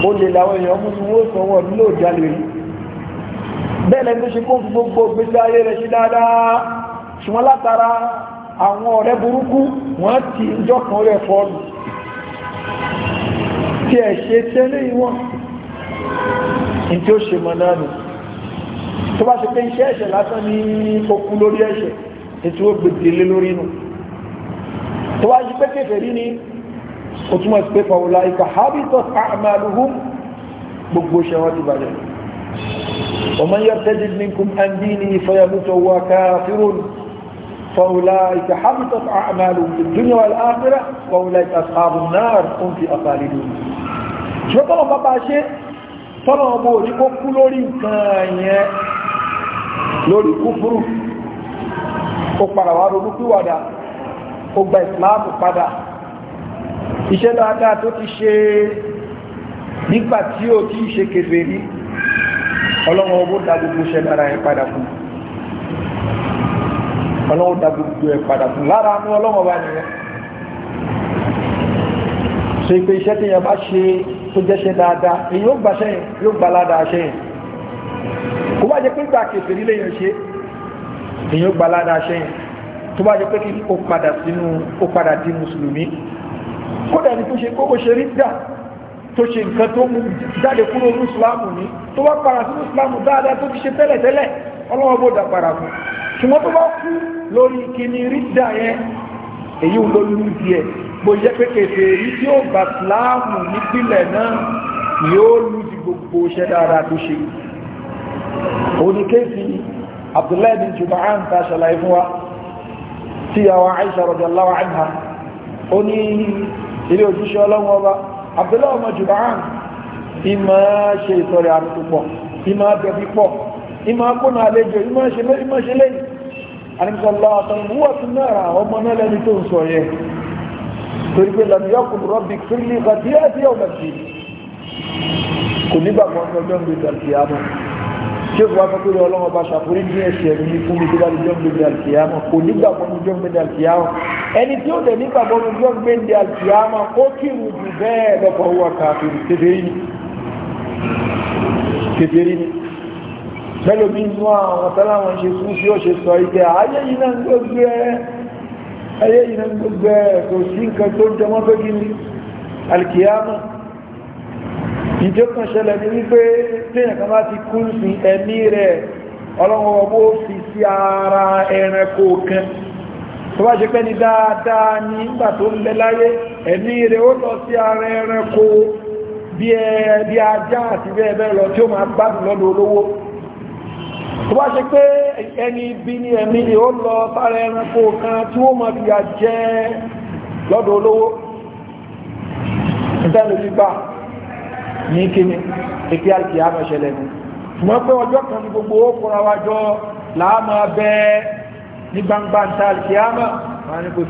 [SPEAKER 1] ó lè làwọn èèyàn mú ni wọ́n sọ wọn nílò jalè rí bẹ́ẹ̀ lẹ́ni tó ṣe kó fi gbogbo gbèsè ayé rẹ̀ ṣe dáadáa ṣùgbọ́n látara àwọn ọ̀rẹ́ burúkú wọ́n ti ìjọ kan rẹ̀ fọ́ọ̀lù tí ẹ̀ ṣe tẹ́lẹ̀ ìwọ̀n ní tí ó ṣe mọ̀ náà nù tó bá ṣe pé iṣẹ́ ẹ̀ṣẹ̀ lásán ní okú lórí ẹ̀ṣẹ̀ ní tí ó gbèdélé lórí nù tó bá ṣe pé kèfèrí ni ó túnmọ̀ sí pé fàwọlá ikọ̀ habitus a'maluhum gbogbo ṣe wọ́n ti bàjẹ́ ọmọ yẹ́ tẹ́jì minkum andini fayamutọ̀ wa kafirun فأولئك حبطت أعمالهم في الدنيا والآخرة وأولئك أصحاب النار هم في أخالدون ṣe tọ́lọ̀ bàbá ṣe tọ́lọ̀ ọmọ òní kó kú lórí nǹkan yẹn lórí kúfúrú ó padà wá ronú pìwàdà ó gba ìsìláàmù padà iṣẹ́ dáadáa tó ti ṣe nígbà tí ó ti ṣe kèfèrí ọlọ́wọ́ owó dá gbogbo ṣẹ́ dára yẹn padà fún un ọlọ́wọ́ da gbogbo ẹ̀ padà fún lára ní ọlọ́wọ́ bá nìyẹn so ìpè iṣẹ́ tí yẹn bá ṣe tó jẹ́ṣẹ́ dáadáa èyí ó gbà sẹ́yìn yóò gbà ládàá sẹ́yìn kó bá jẹ́ pé gbà kèsè nílé yẹn ṣe èyí ó gbà ládàá sẹ́yìn tó bá jẹ́ pé kí ó padà sínú ó padà di mùsùlùmí kódà ní tó ṣe kókó ṣe rí dà tó ṣe nǹkan tó mú jáde kúrò ní ìsìláàmù ní tó bá para sínú ìsìláàmù dáadáa ọlọ́wọ́ bó dà para fún ṣùgbọ́n tó bá kú lórí kíní rídà yẹn èyí ló lú díẹ̀ bó jẹ́ pé kèfè èyí tí ó gbà síláàmù nípìnlẹ̀ náà yóò lú di gbogbo iṣẹ́ dáadáa tó ṣe òní kéèsì Abdullahi bin Juba'an ta ṣàlàyé fún wa tí àwọn Aisha radiyallahu anha ó ní ilé òjíṣẹ́ ọlọ́wọ́ ọba Abdullahi ọmọ Juba'an ìmọ̀ ṣe ìtọrẹ àrùn púpọ̀ ìmọ̀ abẹ́bí pọ̀ ìmọ̀ akónà àlejò ìmọ̀ ṣe lẹ́yìn àníbísọ́lá àtàwùwà tún náà ọmọ náà lẹ́ni tó ń sọ yẹ torí pé lànìyàkùn rọ́bì kírílì àti àti ọ̀nà sí kò nígbàgbọ́ ọjọ́ ń gbé tàbíyàmọ́ tí ó fi wá sọ pé bá ṣàforí ní ẹ̀ṣẹ̀ mi fún mi tó bá ní jọ́ǹgbé di àlùkìyàmọ́ kò nígbàgbọ́ ní jọ́ǹgbé di àlùkìyàmọ́ ẹni tí ó dẹ̀ nígbàgbọ́ ní jọ́ǹgbé di àlùkìyàmọ́ kó kírun jù bẹ́ẹ̀ lọ́pọ̀ owó àkàtúntì kékeré bẹ́ẹ̀ lóbi ń fún àwọn tẹ́láwọn ṣe fún sí ọ̀ṣẹ́ sọ ìgbẹ́ ayé yìí náà gbogbo ẹ̀ ayé yìí náà gbogbo ẹ̀ kò sí nǹkan tó jẹ wọ́n pé kí ni alkiyama ìjọ kan ṣẹlẹ̀ ní wípé téèyàn kan bá ti kú sí ẹ̀mí rẹ̀ ọlọ́run ọmọ ó fi sí ara ẹranko kan tó bá ṣe pẹ́ ni dáadáa ní ìgbà tó ń bẹ láyé ẹ̀mí rẹ̀ ó lọ sí ara ẹranko bí ajá àti bẹ́ẹ̀ bẹ́ẹ̀ lọ tí ó máa gbádùn lọ́dọ̀ tó bá ṣe pé ẹni bí ní ẹ̀mí ni ó lọ sára ẹranko kan tí wọ́n máa fi yà jẹ́ lọ́dọ̀ olówó ìtẹ́lẹ̀ gbígbà ní kíni ìpí àti àmọ́ ìṣẹ̀lẹ̀ ni mọ́ pé ọjọ́ kan ní gbogbo ó kọ́ra wájọ́ láàmà bẹ́ ní gbangba ń ta àti àmọ́ ni kò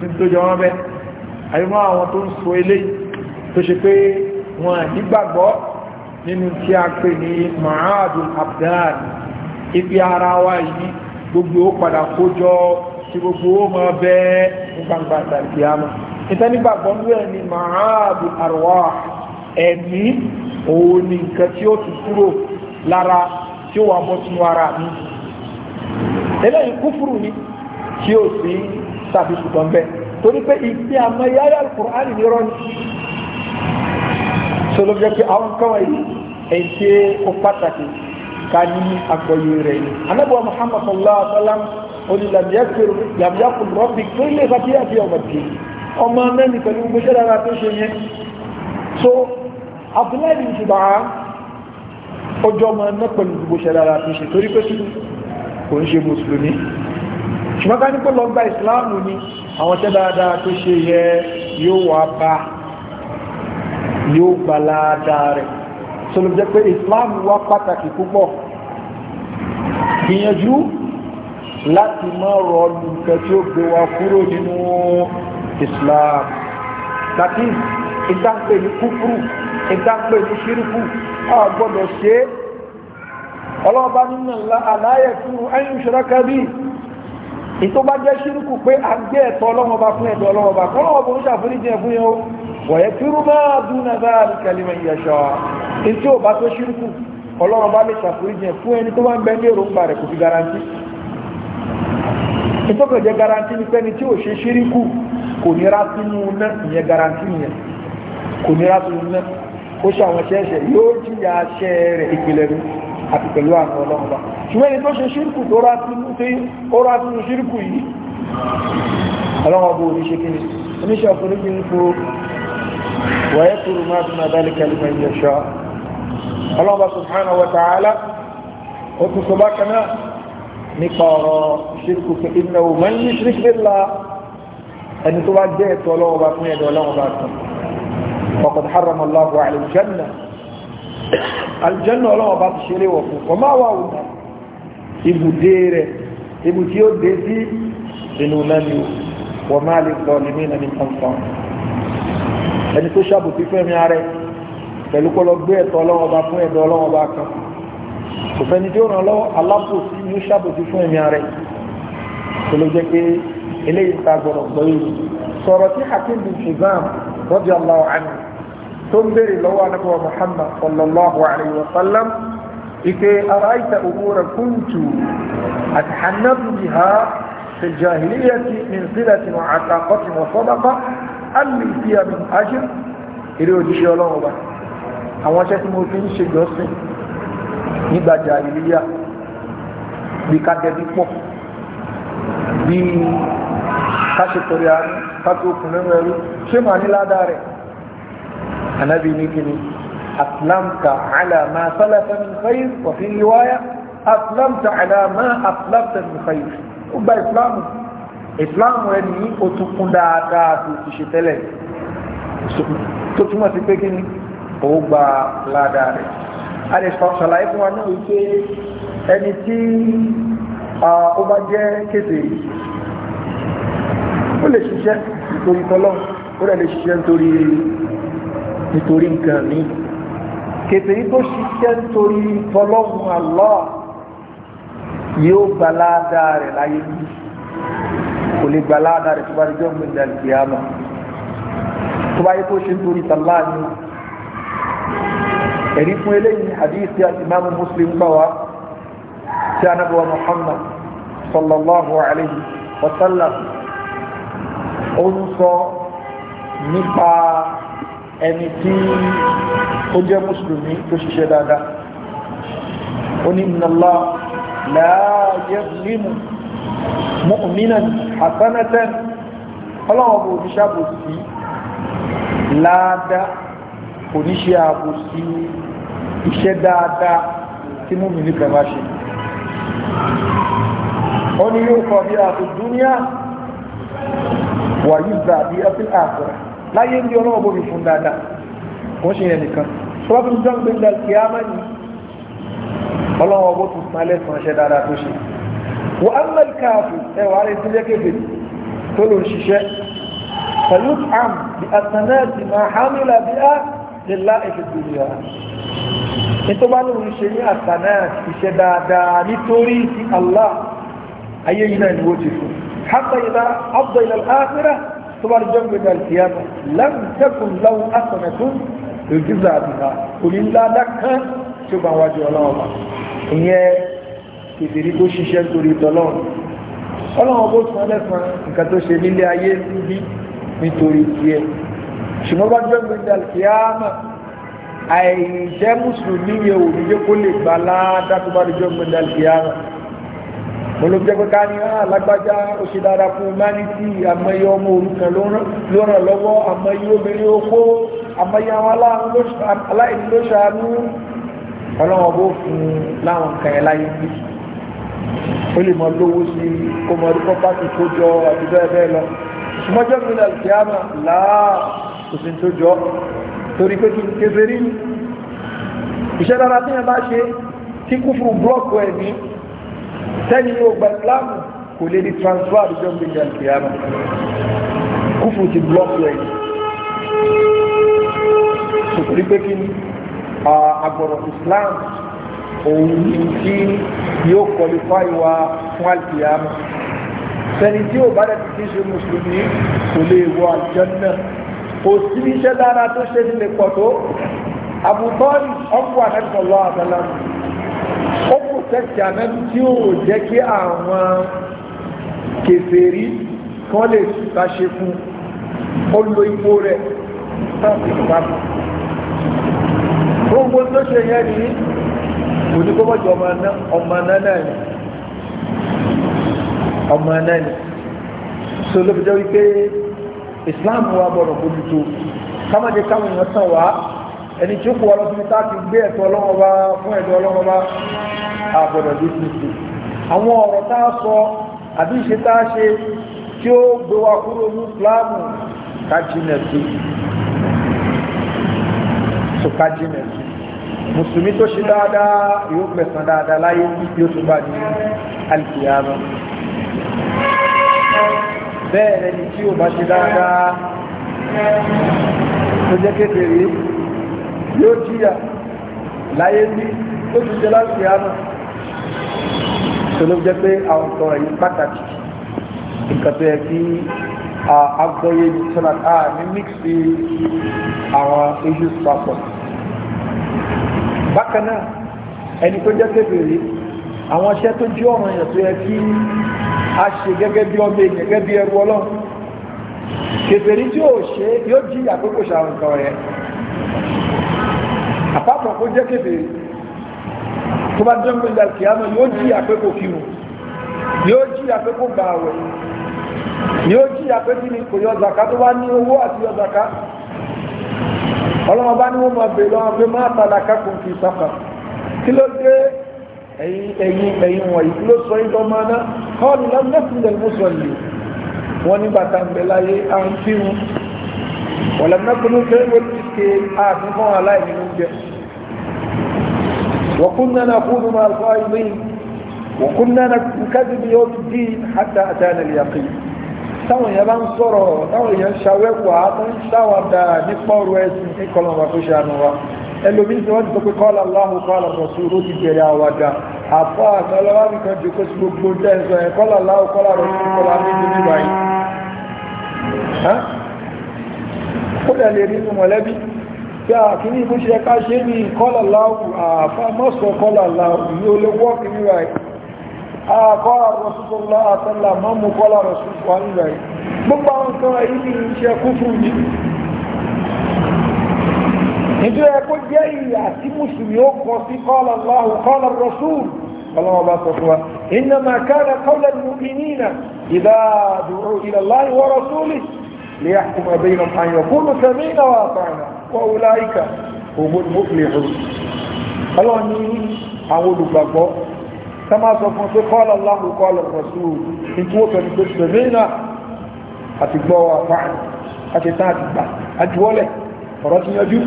[SPEAKER 1] sí ibi ara wa yìí gbogbo ó padà kójọ tí gbogbo ó mọ bẹ́ẹ̀ ní gbangba àtàkì àmọ́ ìtẹ́nigbàgbọ́ ní ẹni màáàbù àrùwá ẹ̀mí òun ni nǹkan tí ó ti kúrò lára tí ó wà bọ́ sínú ara mi eléyìí kúfùrù ni tí ó sì tàbí ṣùgbọ́n bẹ́ẹ̀ torí pé ìgbé àmọ́ yáyà alukur'ani ní rọ́ọ̀nì sọlọ́jọ́ pé àwọn kan wáyé ẹ̀yìn tí ó pàtàkì ká ní àgbọ́yé rẹ̀ ni muhammad sallallahu alaihi wa sallam olùlàmìyàkùn rọ́bì tó ilé ìfàtíyà fi ọmọ dì ọmọ mẹ́rin pẹ̀lú gbogbo ṣẹ́ dára tó ṣe so abdullahi ìṣùgbà ọjọ́ ọmọ ẹ̀nà pẹ̀lú gbogbo ṣẹ́ dára tó ṣe torí pé kò ń ṣe mùsùlùmí ṣùgbọ́n ká ní pé lọ gba ni àwọn ṣẹ́ dáadáa tó ṣe yẹ yóò wà bá yóò gbà láadáa sọlọ jẹ́ pé islam wá pàtàkì púpọ̀ gbìyànjú láti má rọ nǹkan tí ó gbé wa kúrò nínú islam tàbí ìdáǹpé ní kúkúrú ìdáǹpé ní ṣírùkù a gbọ́dọ̀ ṣe ọlọ́ọ̀bá nínú aláyẹ̀ fún ẹ̀yìn ìṣọ́rọ́kà bíi ìtò bá jẹ́ ṣírùkù pé a gbé ẹ̀tọ́ ọlọ́wọ́ba fún ẹ̀dọ́ ọlọ́wọ́ba fún ọlọ́wọ́ba oníṣà fún ìjẹ fún yóò wọ̀yẹ́ tí rú máa dúnà báà ní kẹlìmọ̀ ìyẹ̀ṣọ́ ìtí ò bá tó ṣírùkù ọlọ́wọ́ba lè ṣàforíjẹ fún ẹni tó bá ń bẹ ní èròǹgbà rẹ̀ kò fi garanti ìtọ́kọ̀jẹ́ garanti ni pẹ́ni tí ò àti pẹ̀lú àwọn ọlọ́ọ̀bá ṣùgbọ́n ẹni tó ṣe ṣírkù tó rá sínú ṣírkù yìí ọlọ́ọ̀bá oníṣẹ́ kíni oníṣẹ́ ọ̀pọ̀lọpọ̀ ipò wọ́yẹ́ kúrò máa fi máa dálé kalẹ̀ ní ọlọ́ọ̀bá subhanahu wa ta'ala ó tún sọ bákan náà nípa ọ̀rọ̀ ṣírkù aljanna ọlọ́wọ́ bá ti ṣeré wọ̀ fún ọmọ àwọn àwùjọ ibùdé rẹ̀ ibu tí ó dé sí inú lẹ́nu wọ́n máa lè pọ̀ nínú ìnáni kankan ẹni tó ṣàbùtí fẹ́mi ara ẹ̀ pẹ̀lú kọ́lọ́ gbé ẹ̀tọ́ ọlọ́wọ́ bá fún ẹ̀dọ́ ọlọ́wọ́ bá kan òfẹ́ni tí ó ràn lọ́wọ́ alápòsí ni ó ṣàbùtí fún ẹ̀mí ara ẹ̀ ló jẹ́ pé eléyìí ta gbọ́dọ̀ gbọ́ yìí sọ̀rọ̀ tí hakim bin shizam radiyallahu anhu tó ń béèrè lọ́wọ́ anábọ̀ muhammad sallallahu alayhi wa sallam ike araita umura kuntu atahannabu biha في الجاهلية من صلة وعتاقة وصدقة اللي فيها من أجر إلي وجيشي الله بك àwọn aṣẹ́ tí mo fi ń ṣe jọ́sìn nígbà jàhílíyà bí ká dẹbí pọ̀ bí ká ṣe torí àárín ká tó kùn lẹ́nu ẹrú ṣé màá ní anabi ní kíni aslamta ala ma sálàfẹ́ min khayr wa fi riwaya aslamta ala ma aslafta min khayr ó gba ìsìláàmù ìsìláàmù ẹni ní o tún kún dáadáa tó ti ṣe tẹ́lẹ̀ tó túmọ̀ sí pé kíni ó gba ládàá a lè sọ ṣàlàyé fún wa náà wípé ẹni tí ó bá jẹ́ nítorí nǹkan mi kèfèrí tó ṣiṣẹ́ nítorí tọlọ́hun Allah yóò gba ládàá rẹ̀ láyé bí kò lè gba ládàá rẹ̀ tó bá dijọ́ mi dàlù kìámà tó bá yẹ kó ṣe nítorí tàlá ni ẹ̀rí fún eléyìí hadithi àti imáàmù Muslim bá tí a nàbọ̀ Muhammad sallallahu alayhi wa sallam ó ń sọ nípa ẹni tí ó jẹ́ mùsùlùmí tó ṣiṣẹ́ dáadáa ó ní nàlá láàyè límù mu'minan hasanatan ọlọ́wọ́n bò ní ṣàbòsí láàdá kò ní ṣe àbòsí iṣẹ́ dáadáa tí mu'mini kan bá ṣe ó ní yóò kọ́ bí i dúníà wà yìí bàbí àti àkùrẹ́ láyé ń bí ọlọ́wọ́ bó fi fún dáadáa wọ́n ṣe yẹn nìkan tó bá fi ń dán gbẹ̀ngàn kí á má yìí ọlọ́wọ́ bó tún san lẹ́sàn ṣe dáadáa tó ṣe wọ́n á mẹ́lì káàfù ẹ wà á rẹ̀ sílẹ̀ kébè tó ló ń ṣiṣẹ́ pẹ̀lú àm bí asanẹ́ẹ̀tì máa hámìlà bí á lè lá ètò ìdúnyà nítorí wọn ń ṣe ní asanẹ́ẹ̀tì iṣẹ́ dáadáa nítorí ti Allah ayé yìí náà ni wọ́n ti fún hàtà ìlà ọ̀dọ̀ ìlà áfẹ́rẹ́ tó bá jọ́ gbẹ̀dẹ̀ àlùkìyàmọ̀ lẹ́mùtẹ́kùn lọ́wọ́ àtọ̀nẹ̀tún ìjúzà àbìhà kò ní ládá kan tí ó bá wájú ọlọ́run wa ìyẹn kìtìrí tó ṣiṣẹ́ torí tọlọ́run ọlọ́run bó san lẹ́sàn nǹkan tó ṣe nílé ayé níbí nítorí tiẹ̀ ṣùgbọ́n bá jọ́ gbẹ̀dẹ̀ àlùkìyàmọ̀ àìjẹ́ mùsùlùmí yẹ òdìjẹ́ kó lè gbà ládá tó bá jọ́ gbẹ̀dẹ̀ àlùkìyàmọ̀ mo ló jẹ́ pé ká ní alágbájá ah, ó ṣe dára fún humanity àmọ́yé ọmọ òrukàn ló ràn lọ́wọ́ àmọ́yé obìnrin okó àmọ́yé àwọn aláìní ló ṣàánú ọlọ́wọ́n bó fún láwọn kan ẹ̀ láyé bí ó lè mọ lówó sí kó mọ orí pọ́pátì tó àti bẹ́ẹ̀ bẹ́ẹ̀ lọ tẹ́ni yóò gba ìsìláàmù kò lè di transfer àdúgbò gbé ìjà kìíyàmù kúfù ti blọ́ọ̀kì ẹ̀ sòtòrí pé kí agbọ̀rọ̀ islam òun tí yóò qualify wa fún àkìíyàmù tẹ́ni tí ò bá dẹ̀ ti ṣe mùsùlùmí kò lè wọ àlùjánnà kò sí iṣẹ́ dára tó ṣe ti lè pọ̀ tó àbùtọ́ọ̀lì ọ̀pọ̀ àdẹ́sọ̀lọ́ àbẹ́lá protect anabi tí ó jẹ́ kí àwọn kèfèrí kan lè ta ṣe fún ó lo ipò rẹ̀ tàbí pàtó gbogbo tó ṣe yẹn ní onígbọ́mọ̀jọ ọmọ náà ni ọmọ náà ni so ló fi jẹ́ wípé Islam wa bọ̀rọ̀ bójútó ká má jẹ́ káwọn èèyàn tàn wá ẹni tí ó kó ọlọ́sí ní táàkì gbé ẹ̀tọ́ ọlọ́mọba fún ẹ̀dọ́ ọlọ́mọba àbọ̀dọ̀ bí ti ṣe àwọn ọ̀rọ̀ tá a sọ àbí ìṣe tá a ṣe tí ó gbé wa kúrò ní fúlàmù kájínà sí so kájínà sí mùsùlùmí tó ṣe dáadáa yóò pẹ̀sán dáadáa láyé yóò tó bá ní alìkìyàmọ́ bẹ́ẹ̀ ẹni tí ó bá ṣe dáadáa tó jẹ́ kékeré yóò jíyà láyé ní ó ti jẹ láti àmà tó ló jẹ pé àwọn nǹkan ẹ̀yìn pàtàkì nǹkan tó yẹ kí agbóyè sọ́nà a ní mixi àwọn issues papọ̀ bákan náà ẹni tó jẹ́ kébèrè àwọn iṣẹ́ tó jí ọ̀ràn èèyàn tó yẹ kí a ṣe gẹ́gẹ́ bí ọmọ èèyàn gẹ́gẹ́ bí ẹrú ọlọ́run kèfèrí tí ó ṣe yóò jí àkókò ṣàwọn nǹkan àpapọ̀ kó jẹ́ kébèrè tó bá jẹ́ mẹ́lẹ̀ kìíyàmọ̀ yóò jí àpékò kírun yóò jí àpékò gbà àwẹ̀ yóò jí àpékò ní kò yọ zaka tó bá ní owó àti yọ zaka ọlọ́mọba ní wọ́n máa bèèrè ọmọ pé máa tàlàkà kò fi sáfà kí ló dé ẹ̀yìn ẹ̀yìn wọ̀nyí kí ló sọ ìjọ máa ná kọ́ọ̀lù lọ́mọ́sílẹ̀ mọ́sọ̀lì wọn ní bàtà ń bẹ láyé à ń kírun wọ̀lẹ́mọ́kùnrin fẹ́ wọ́n ti ṣe àtúnfọ́n aláìní jẹ́ وكنا نخوض مع الخائضين وكنا نكذب يوم الدين حتى أتانا اليقين táwọn èèyàn bá ń sọ̀rọ̀ táwọn èèyàn ṣàwẹ́pọ̀ àtọ́ ń ṣàwàdà nípa ọ̀rọ̀ ẹ̀sìn ní kọlọ̀mà tó ṣe àánú wa ẹlòmíín tí wọ́n ti sọ pé kọ́lá Allahu kọ́lá Rasul ó ti bẹ̀rẹ̀ àwàdà àfọ́ àtọ́lọ́wà nìkan jù kó sí gbogbo dẹ́sọ̀ ẹ̀ kọ́lá Allahu kọ́lá Rasul tí a ah, kì ní ìmúṣẹ ká ṣe ah, ní kọ́là láwù àfá mọ́sọ̀ kọ́là láwù yóò lè wọ́kì ní ràì àkọ́là rọ̀sùsọ́lá àtàlà mọ́mú kọ́là rọ̀sùsọ́lá ní ràì gbogbo àwọn kan ìlú iṣẹ́ kúfùrù ní nítorí ẹ̀kọ́ jẹ́ ìyà tí mùsùlùmí ó kọ sí kọ́là láwù kọ́là rọ̀sùl ọlọ́wọ́ bá sọ fún wa iná máa kára kọ́là mu'minina ìdá dùrù ila Allahi wa rasulihi lè yàkùnmọ̀ bẹ́yìn ọ̀pá yẹn kúrò sẹ́mínà wà fáìnà wọ́n wú láìka ògbó ni mo fi lè rò ọlọ́run ní àwọn olùgbàgbọ́ tá máa sọ fún pé kọ́ọ̀lọ́ láhùn kọ́ọ̀lọ́ rọ̀sù ìtú ó fẹ́ ni pé sèmínà àti gbọ́ wa pa àti tán àti gbà àjùwọ́lẹ̀ ọ̀rọ̀ ti yanjú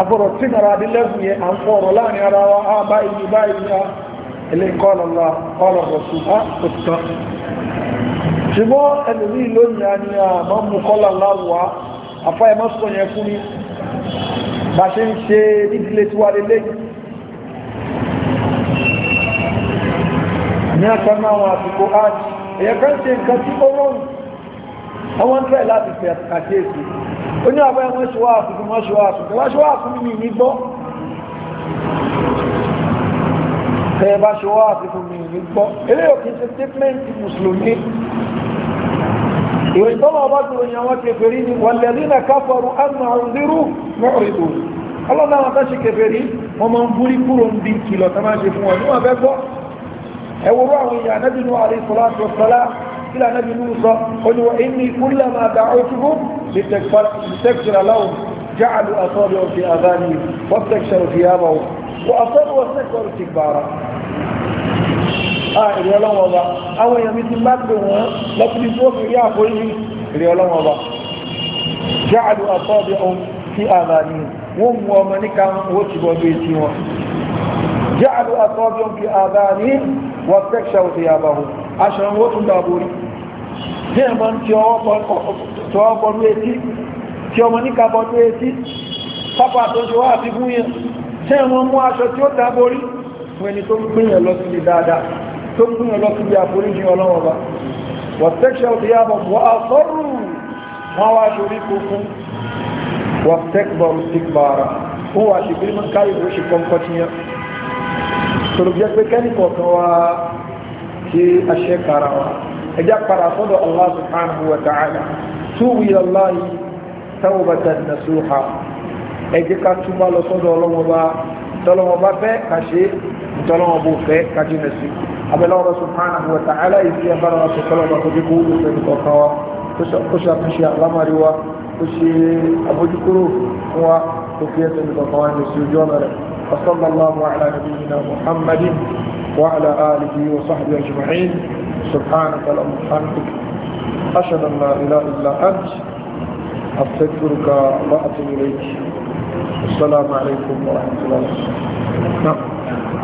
[SPEAKER 1] agbọ́dọ̀ tí nara adélẹ́sùn yẹn à ń fọ ọ̀rọ̀ láàrin ara wa á ah, báyìí ní báyìí ní ilé kọ́ọ̀lọ́lá ọlọ́rọ̀sù á òtítọ́ ṣùgbọ́n ẹlòmí lónìí a ní ah, àmọ́ mú kọ́lọ́lá wà àfá ẹmọ́ sọ yẹn fún mi bá ṣe ń ṣe nídílé tí wà lélẹ́ ní àkànnà àwọn àsìkò ájì èyàn kan ṣe nǹkan tí ó rọrùn àwọn ń tẹ́ láti fẹ́ àkíyèsí ó ní àbáyé wọ́n ṣe wá àfihàn wọ́n ṣe wá àfihàn wọ́n ṣe wá àfihàn mi ní gbọ́ tẹ́ bá ṣe wá àfihàn mi ní gbọ́ eléyò kìí ṣe statement mùsùlùmí وإنما بعض من يوات كفرين والذين كفروا أن أنذروا معرضون الله نعم تاش كفرين ومن بولي كورون دين كيلو تما جفوا نعم نوا بيكو أوروا يا نبي نوح عليه الصلاة والسلام إلى نبي موسى قل وإني كلما دعوتهم لتكفر لهم جعلوا أصابعهم في آذانهم واستكشروا ثيابهم وأصروا واستكبروا استكبارا èrè ah, ọlọ́wọ́n ọba àwọn èèyàn mi ti bá pè wọ́n lọ́pìlì tó fi rí àforíjì èrè ọlọ́wọ́n ọba jáàdù àtọ́bí ohun tí àbà ní wọ́n mú ọmọ níka owó ti bọ́ bí etí wọn jáàdù àtọ́bí ohun tí àbà ní wọ́n tẹ́kṣà òde àbàwò aṣọ owó tún dà borí bí ẹ̀ máa ń tí ọwọ́ bọ́ bí tó gún ẹ lọ sí ibi àforíjì ọlọ́wọ́ bá wọ́tẹ́kṣẹ́ òtí yàbọ̀ wọ́ àsọ́rù wọ́n wá ṣorí kókún wọ́tẹ́kbọ̀rù sí gbàrà ó wà ṣe bí mọ́ káyì ó ṣe kọ́ńkọ́ tí yẹn sọ̀rọ̀ jẹ́ pé kẹ́nìkọ̀ kan wá kí a ṣe kára wa ẹjá para sọ́dọ̀ Allah fẹ́ kàṣe tọ́lọ́mọbó fẹ́ kàjínà sí abẹ́lẹ́wọ̀n bá subhanahu wa ta'ala ìdí ẹ̀bára wa sọ̀kọ́lọ́ bá fojú kó wúlò fẹ́ni kọ̀ọ̀kan wa kó ṣe àtúnṣe àlámàrí wa kó ṣe àbójúkúrò fún wa kó fi ẹsẹ̀ nìkọ̀ọ̀kan wa ní sí ojú ọ̀nà rẹ̀ وصلى الله على نبينا محمد وعلى آله وصحبه أجمعين سبحانك اللهم
[SPEAKER 2] وبحمدك أشهد أن لا إله إلا أنت أستغفرك وأتوب إليك السلام عليكم ورحمة الله وبركاته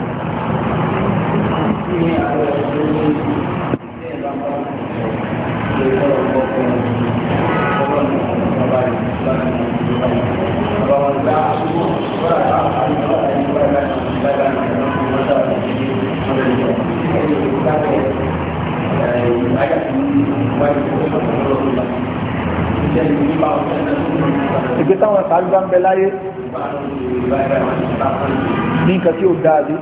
[SPEAKER 1] Kita orang sanggam belai ni kasih udah di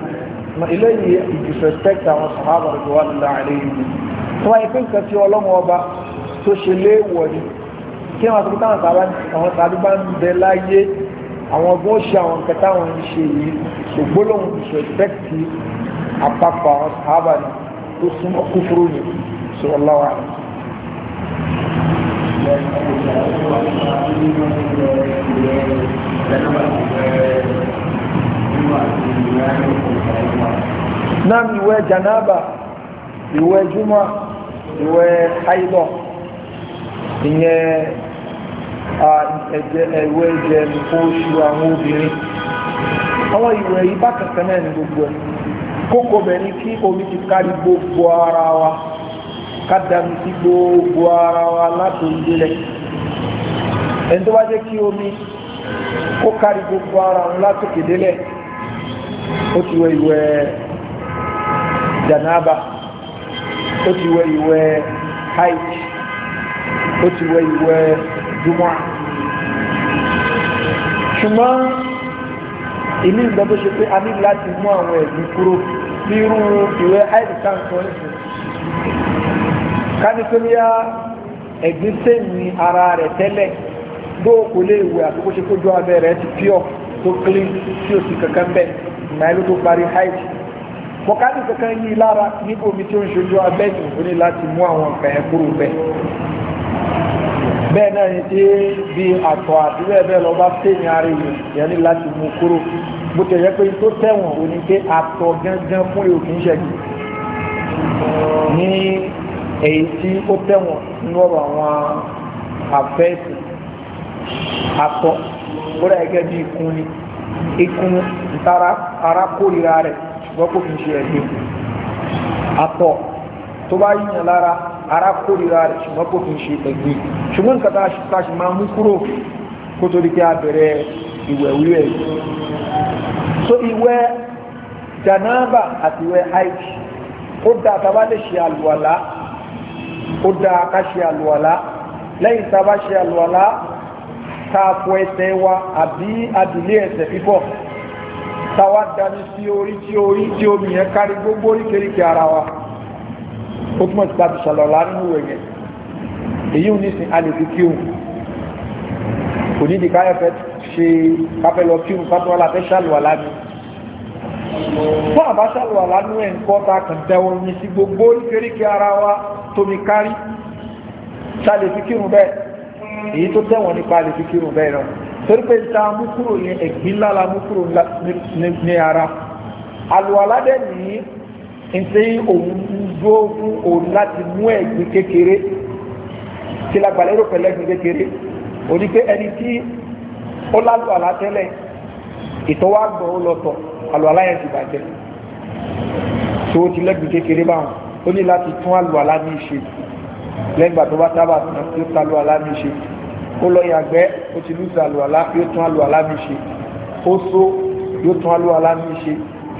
[SPEAKER 1] eléyìí ìdìsrespect àwọn sàhábà rẹ̀ wà nílá àlẹ́yìn ni tó wáyé pé nǹkan tí ọlọ́run ọba tó ṣe léèwọ̀ ni kí wọ́n ti táwọn sábà àwọn sábà bá ń bẹ láyé àwọn ọgbọ́n ṣe àwọn nǹkan táwọn ń ṣe yìí ògbólóhùn disrespect àpapọ̀ àwọn sàhábà ni tó súnmọ́ kúfúrú ni sọ̀rọ̀ láwàá
[SPEAKER 2] Thank you
[SPEAKER 1] náà ìwẹ̀ janaba ìwẹ̀ juma ìwẹ̀ haidọ̀ ìyẹn ẹ̀wẹ̀ ẹ̀jẹ̀ nìkan oṣù àwọn obìnrin àwọn ìwẹ̀ yìí bá kankan náà ní gbogbo ẹ̀ kókó bẹ̀ ni kí omi ti kárí gbogbo ara wa ká dami sí gbogbo ara wa látòrí délẹ̀ ẹni tó bá jẹ́ kí omi kó kárí gbogbo ara wọn látòkè délẹ̀ ó ti wẹ̀ ìwẹ̀ janaba ó ti wẹ̀ ìwẹ̀ haid ó ti wẹ̀ ìwẹ̀ jumua ṣùgbọ́n ìlú ìgbà tó ṣe pé a ní láti mú àwọn ẹ̀gbìn kúrò bí irú ìwẹ̀ haid kan kan ṣe kánípẹ́lẹ́yà ẹ̀gbìn sẹ́yìn ara rẹ̀ tẹ́lẹ̀ bó o kò lè wẹ̀ àti bó ṣe kójú abẹ́ rẹ̀ ti pure tó clean tí o sì kankan bẹ́ẹ̀ ìsmaílù tó parí haid mọ̀kálì kankan yí lára nípa omi tí ó ń ṣojú abẹ́ni ó ní láti mú àwọn nǹkan ẹ̀ kúrò bẹ́ẹ̀ bẹ́ẹ̀ náà ni tí bí àtọ̀ àti bẹ́ẹ̀ bẹ́ẹ̀ lọ bá tẹ̀yìn ara èèyàn yẹn ní láti mú kúrò bó ti yẹ pé tó tẹ̀wọ̀n ò ní pé àtọ̀ gángan fún èrò kì í ṣẹ̀gì ní èyí tí ó tẹ̀wọ̀n nínú ọ̀rọ̀ àwọn àfẹ́ẹ̀sì àtọ̀ bóra ẹgẹ́ bí ikun ni ikun ntara ara kórira rẹ̀ ṣùgbọ́n kò fi ṣe ẹ̀gbin àtọ̀ tó bá yíyan lára ara kórira rẹ̀ ṣùgbọ́n kò fi ṣe ẹ̀gbin ṣùgbọ́n nǹkan tá a ṣe máa mú kúrò kó tó di pé a bẹ̀rẹ̀ ìwẹ̀ wíwẹ̀ yìí so ìwẹ̀ janaba àti ìwẹ̀ aiki ó da tàbá lè ṣe àlùwàlá ó da ká ṣe àlùwàlá lẹ́yìn tàbá ṣe àlùwàlá káàpọ̀ ẹsẹ̀ wa àbí àdìlé ẹsẹ̀ fífọ̀ táwa dání sí orí tí orí tí omi yẹn kárí gbogbo oríkèéríkèé ara wa ó túmọ̀ sí pàtó ṣàlọ́lá nínú ẹ̀yẹn èyí ò ní sin alẹ́ fi kí òun kò ní di káyọ̀ fẹ́ ṣe káfẹ́ lọ kí òun pátó wà láfẹ́ ṣàlùwàlá ni fún àbá ṣàlùwàlá nínú ẹ̀ ń kọ́ ta kàn tẹ́wọ́ ní sí gbogbo oríkèéríkèé ara wa tómi kárí ṣàlẹ́ fi kí òun bẹ́ẹ̀ èyí tó tẹ̀wọ̀n nípa lè fi kírun bẹ́ẹ̀ náà torí pé ta mú kúrò yẹn ẹ̀gbín ńlá la mú kúrò ní ara àlùwàlá dẹ̀ ní ntí òun dúró fún òun láti mú ẹ̀gbín kékeré tí la gbàlérò pẹ̀lú ẹ̀gbín kékeré òní pé ẹni tí ó lálùwàlá tẹ́lẹ̀ ìtọ́wá gbọ̀n ó lọ tọ̀ àlùwàlá yẹn ti bàjẹ́ tó ti lẹ́gbẹ̀ẹ́ kékeré báwọn ó ní láti tún àlùwàlá ní í lẹ́yìn ìgbà tó bá tábà tán yóò ta lu alámi ṣe ó lọ yàgbẹ́ ó ti lùzà lu alá yóò tún alu alámi ṣe ó so yóò tún alu alámi ṣe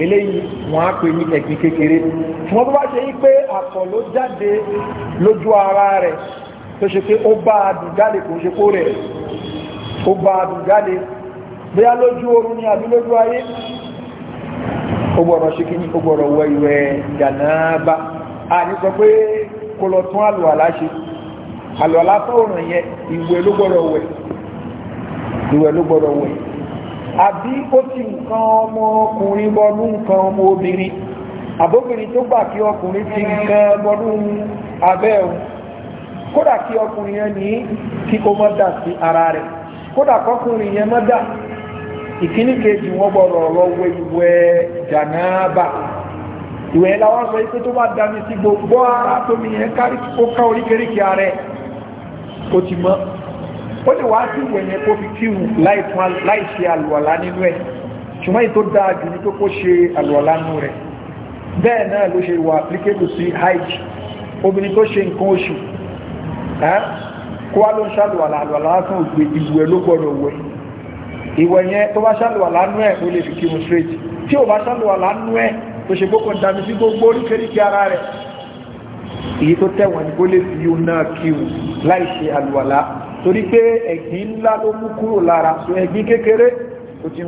[SPEAKER 1] eléyìí wọ́n á pè ní ẹ̀gbin kékeré wọ́n tó bá ṣe yí pé àtọ̀ ló jáde lójú ara rẹ̀ tó ṣe pé ó bá adùn jáde kò ṣe kó rẹ̀ ó bá adùn jáde bóyá lójú oorun ni àbí lójú ayé ó gbọ́dọ̀ ṣe kí ní ó gbọ́dọ̀ wọ ìwẹ̀ jànáàbá a ní sọ pé kó lọ tún àlùwàlá ṣe àlùwàlá fọ́ọ̀ràn yẹn ìwẹ̀ ló gbọ́dọ̀ wẹ̀ ìwẹ̀ ló gbọ́dọ̀ wẹ̀ àbí ó ti nǹkan ọmọ ọkùnrin bọnú nǹkan ọmọ obìnrin àbóbìnrin tó gbà kí ọkùnrin ti nǹkan bọnú abẹ́ òun kódà kí ọkùnrin yẹn ní kí ó mọ́ dà sí ara rẹ̀ kódà kọkùnrin yẹn mọ́ dà ìkíní wọ́n gbọ́dọ̀ lọ wẹ̀ ìwẹ̀ jànáàbà ìwẹ̀ láwọn sọ ipé tó bá dami sí gbogbo ara tó mi yẹn kárí kó ká oríkèríkè ààrẹ kò ti mọ́ ó lè wá sí ìwẹ̀ yẹn kó fi kírun láì ṣe àlùwàlá nínú ẹ̀ ṣùgbọ́n èyí tó dáa jù ní tó kó ṣe àlùwàlá nínú rẹ̀ bẹ́ẹ̀ náà ló ṣe wà applicable sí hajj obìnrin tó ṣe nǹkan oṣù kó wá ló ń ṣàlùwàlá àlùwàlá fún ògbè ìwẹ̀ ló gbọ́dọ̀ wẹ̀ ìwẹ̀ yẹn tó bá ṣàlùwàlá nú ẹ̀ ó lè fi kírun straight tí ò bá ṣàlùwàlá nú ẹ̀ tó ṣe gbókò dàmí sí gbogbo oríkèríkè ara rẹ̀ èyí tó tẹ̀wọ̀n ní kó lè fi yóò náà kíwù láì ṣe àlùwàlá torí pé ẹ̀gbin ńlá ló mú kúrò lára so ẹ̀gbin kékeré tó ti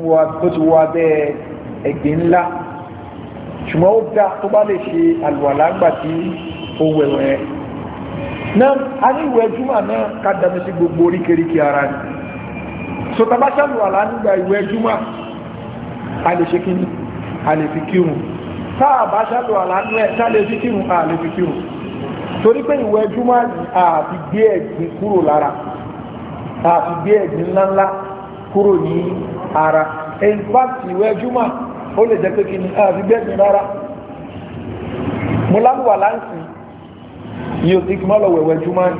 [SPEAKER 1] wọ abẹ́ ẹ̀gbin ńlá ṣùgbọ́n ó dá tó bá lè ṣe àlùwàlá gbà tí ó wẹ̀wẹ̀ ẹ̀ náà a ní ìwẹ̀ júmọ̀ náà ká dàmí sí gbogbo oríkèríkè ara rẹ̀ so nígbà ìwẹ̀ júmọ̀ a lè ṣe kí a lè fi kírun táà bá ṣàlò àlánú ẹ̀ tá lè fi kírun à lè fi kírun torí pé ìwẹ̀ júmọ́ àti gbé ẹ̀gbin kúrò lára àti gbé ẹ̀gbin ńláńlá kúrò ní ara in fact ìwẹ̀ júmọ́ ó lè jẹ́ pé kí ni àti gbé ẹ̀gbin rárá mo lálùwà láǹsì ni ò ti kí mọ́ lọ wẹ̀wẹ̀ júmọ́ ni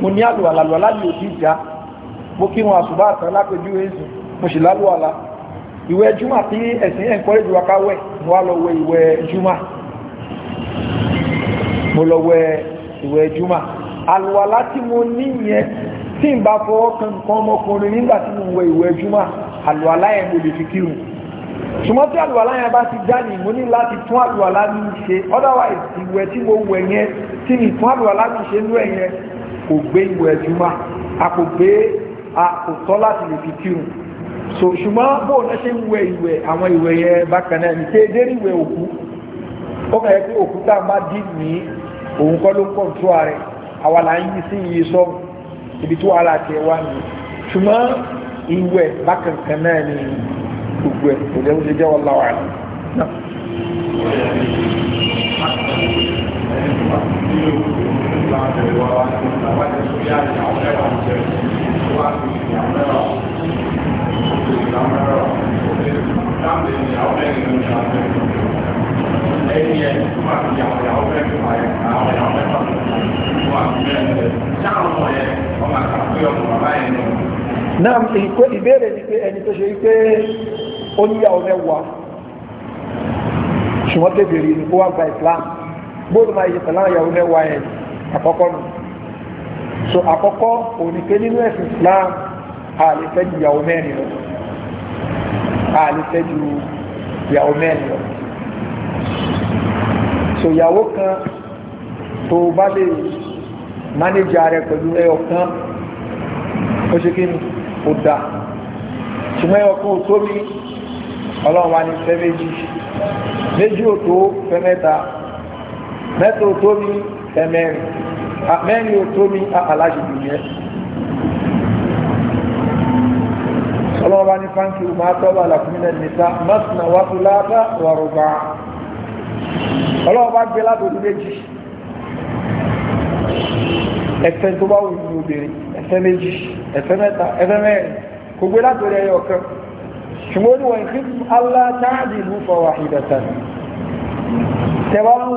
[SPEAKER 1] mo ní àlùwà lálùwà láyé ò ti mo kí wọn àṣùbà àtàn lápẹjú mo sì lálùwà lá ìwẹ̀ júmọ́ àti ẹ̀sìn encourage wa mo wá lọ wẹ ìwẹ̀ juma mo lọ juma àlùwàlá tí mo ní yẹn tí n bá fọwọ́ kan nǹkan ọmọkùnrin nígbà mo wẹ ìwẹ̀ juma àlùwàlá yẹn mo lè fi kírun ṣùgbọ́n tí àlùwàlá yẹn bá ti dání mo ní láti tún àlùwàlá mi ṣe otherwise ìwẹ̀ tí mo wẹ̀ yẹn tí mi tún àlùwàlá mi ṣe lú ẹ̀yẹn kò gbé juma a kò gbé a kò tọ́ láti so ṣùgbọ́n bóun náà ṣe ń wẹ ìwẹ̀ àwọn ìwẹ̀ yẹn bákan náà ní tẹ́ dérí ìwẹ̀ òkú ó kàn yẹ pé òkú tá a bá dì ní òun kọ́ ló ń pọ̀ tó ààrẹ àwa là ń yí sí iye sọ ibi tó wàhálà tiẹ̀ wá nù ṣùgbọ́n ìwẹ̀ bákan kan náà ní gbogbo ẹ̀ kò jẹ́ oúnjẹ jẹ́wọ́ láwà náà.
[SPEAKER 2] Thank you
[SPEAKER 1] náà ìpé ìbéèrè ní pé ẹni tó ṣe wípé ó ní ìyàwó mẹ́wàá ṣùgbọ́n tẹ́bẹ̀rẹ̀ ní kó wá gba Islam gbóòdù máa yẹ pẹ̀lú ìyàwó mẹ́wàá ẹ̀ àkọ́kọ́ nù so àkọ́kọ́ òní pé nínú ẹ̀sìn Islam a lè fẹ́ ìyàwó mẹ́rin lọ a lè fẹ́ ju ìyàwó mẹ́rin lọ so ìyàwó kan tó bá lè mánéjà rẹ pẹ̀lú ẹyọ kan ó ṣe kí ni ó dà ṣùgbọ́n ẹyọ kan ò tóbi ọlọ́run wa ní fẹ́ méjì méjì ò tó fẹ́ mẹ́ta mẹ́ta ò tóbi fẹ́ mẹ́rin mẹ́rin ò tóbi aláṣẹ ìdíyẹ ọlọ́wọ́ bá ní fáńkì ọmọ àtọ́bà làkúnmílẹ̀ nìta mọ́sùnà wà tó láàbà wà rọ̀gbà ọlọ́wọ́ bá gbé látòdú méjì ẹsẹ̀ tó bá wù ní obìnrin ẹsẹ̀ méjì ẹsẹ̀ mẹ́ta ẹsẹ̀ mẹ́rin kò gbé látòdú ẹyọ kan ṣùgbọ́n ní wọ́n kìí allah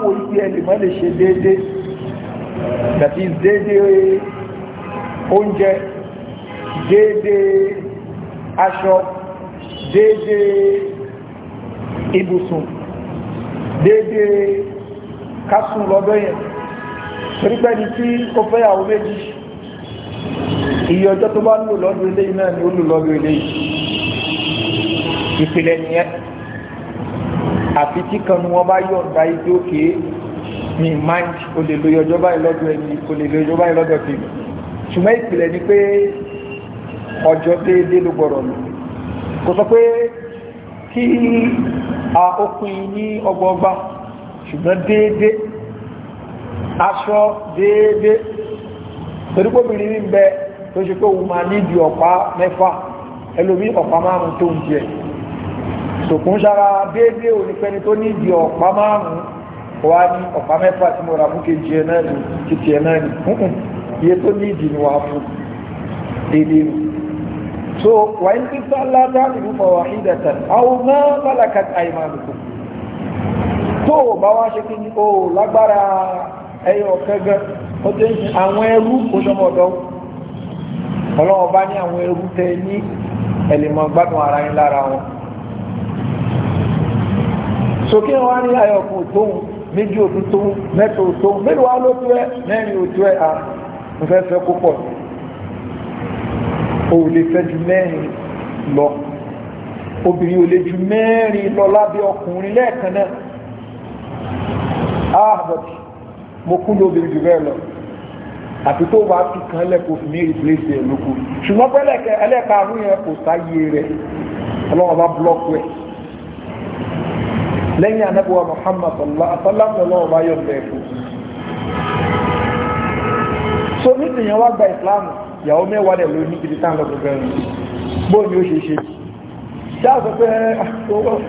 [SPEAKER 1] oúnjẹ déédéé aṣọ déédé ibùsùn déédé kásùn lọ́dọ́ yẹn torípẹ́ni tí ó fẹ́yàwó méjì iye ọjọ́ tó bá ń lò lọ́dún eléyìí náà ni ó lò lọ́dún eléyìí ìpìlẹ̀ nìyẹn àfi tí kan ni wọ́n bá yọ̀ǹda ibi òkè ní mind ó lè lo ọjọ́ báyìí lọ́dún ẹni ó lè lo ọjọ́ báyìí lọ́dún ẹni ṣùgbọ́n ìpìlẹ̀ ni pé ọjọ́ déédéé ló gbọ́dọ̀ lò kò sọ pé kí a òpin ní ọgbọọgba ṣùgbọ́n déédéé aṣọ déédéé torí ní bẹ tó ṣe pé òun ma nídi ọ̀pá mẹ́fà ẹlòmí ọ̀pá márùn tó ń jẹ sòkún sára onípẹni tó ọ̀pá márùn wá ní ọ̀pá mẹ́fà tí mo rà kejì so wàá ní sísá ládá nínú fọwọ́ ìdẹ̀tẹ̀ àwọn náà mọ́lẹ̀kà àìmánukù tó bá wá ṣe kí ni o lágbára ẹyọ kẹgẹ ó ti ń ṣe àwọn ẹrú oṣọmọdọ ọlọ́wọ́ bá ní àwọn ẹrú tẹ ní ẹ̀lẹ́mọ̀ gbádùn ara yín lára wọn sókè wọn ní ayọ̀kùn tóun méjì òtún tóun mẹ́ta òtún mélòó wá ló tó ẹ mẹ́rin òtún ẹ à ń fẹ́ fẹ́ kó pọ̀ sí o lè fẹ́ ju mẹ́rin lọ obìnrin ò lè ju mẹ́rin lọ lábẹ́ ọkùnrin lẹ́ẹ̀kan náà ahbert mo kú lóbìnrin jù bẹ́ẹ̀ lọ àti tó bá fi kan lẹ́kọ̀ọ́ fún mi replace ẹ̀ lóko ṣùgbọ́n pé ẹlẹ́karùn-ún yẹn kò sáyé rẹ̀ ọlọ́run bá búlọ́ọ̀kù ẹ̀ lẹ́yìn anábíwá Muhammad sallam ọlọ́run bá yọ̀ bẹ́ẹ̀ fún so nítorí yẹn wá gba ìsìláàmù ìyàwó mẹ́wàá dẹ̀ ló ní ibi tá ń lọ gbogbo ẹ̀rùn bó ni ó ṣe ṣe ṣe àṣọ pé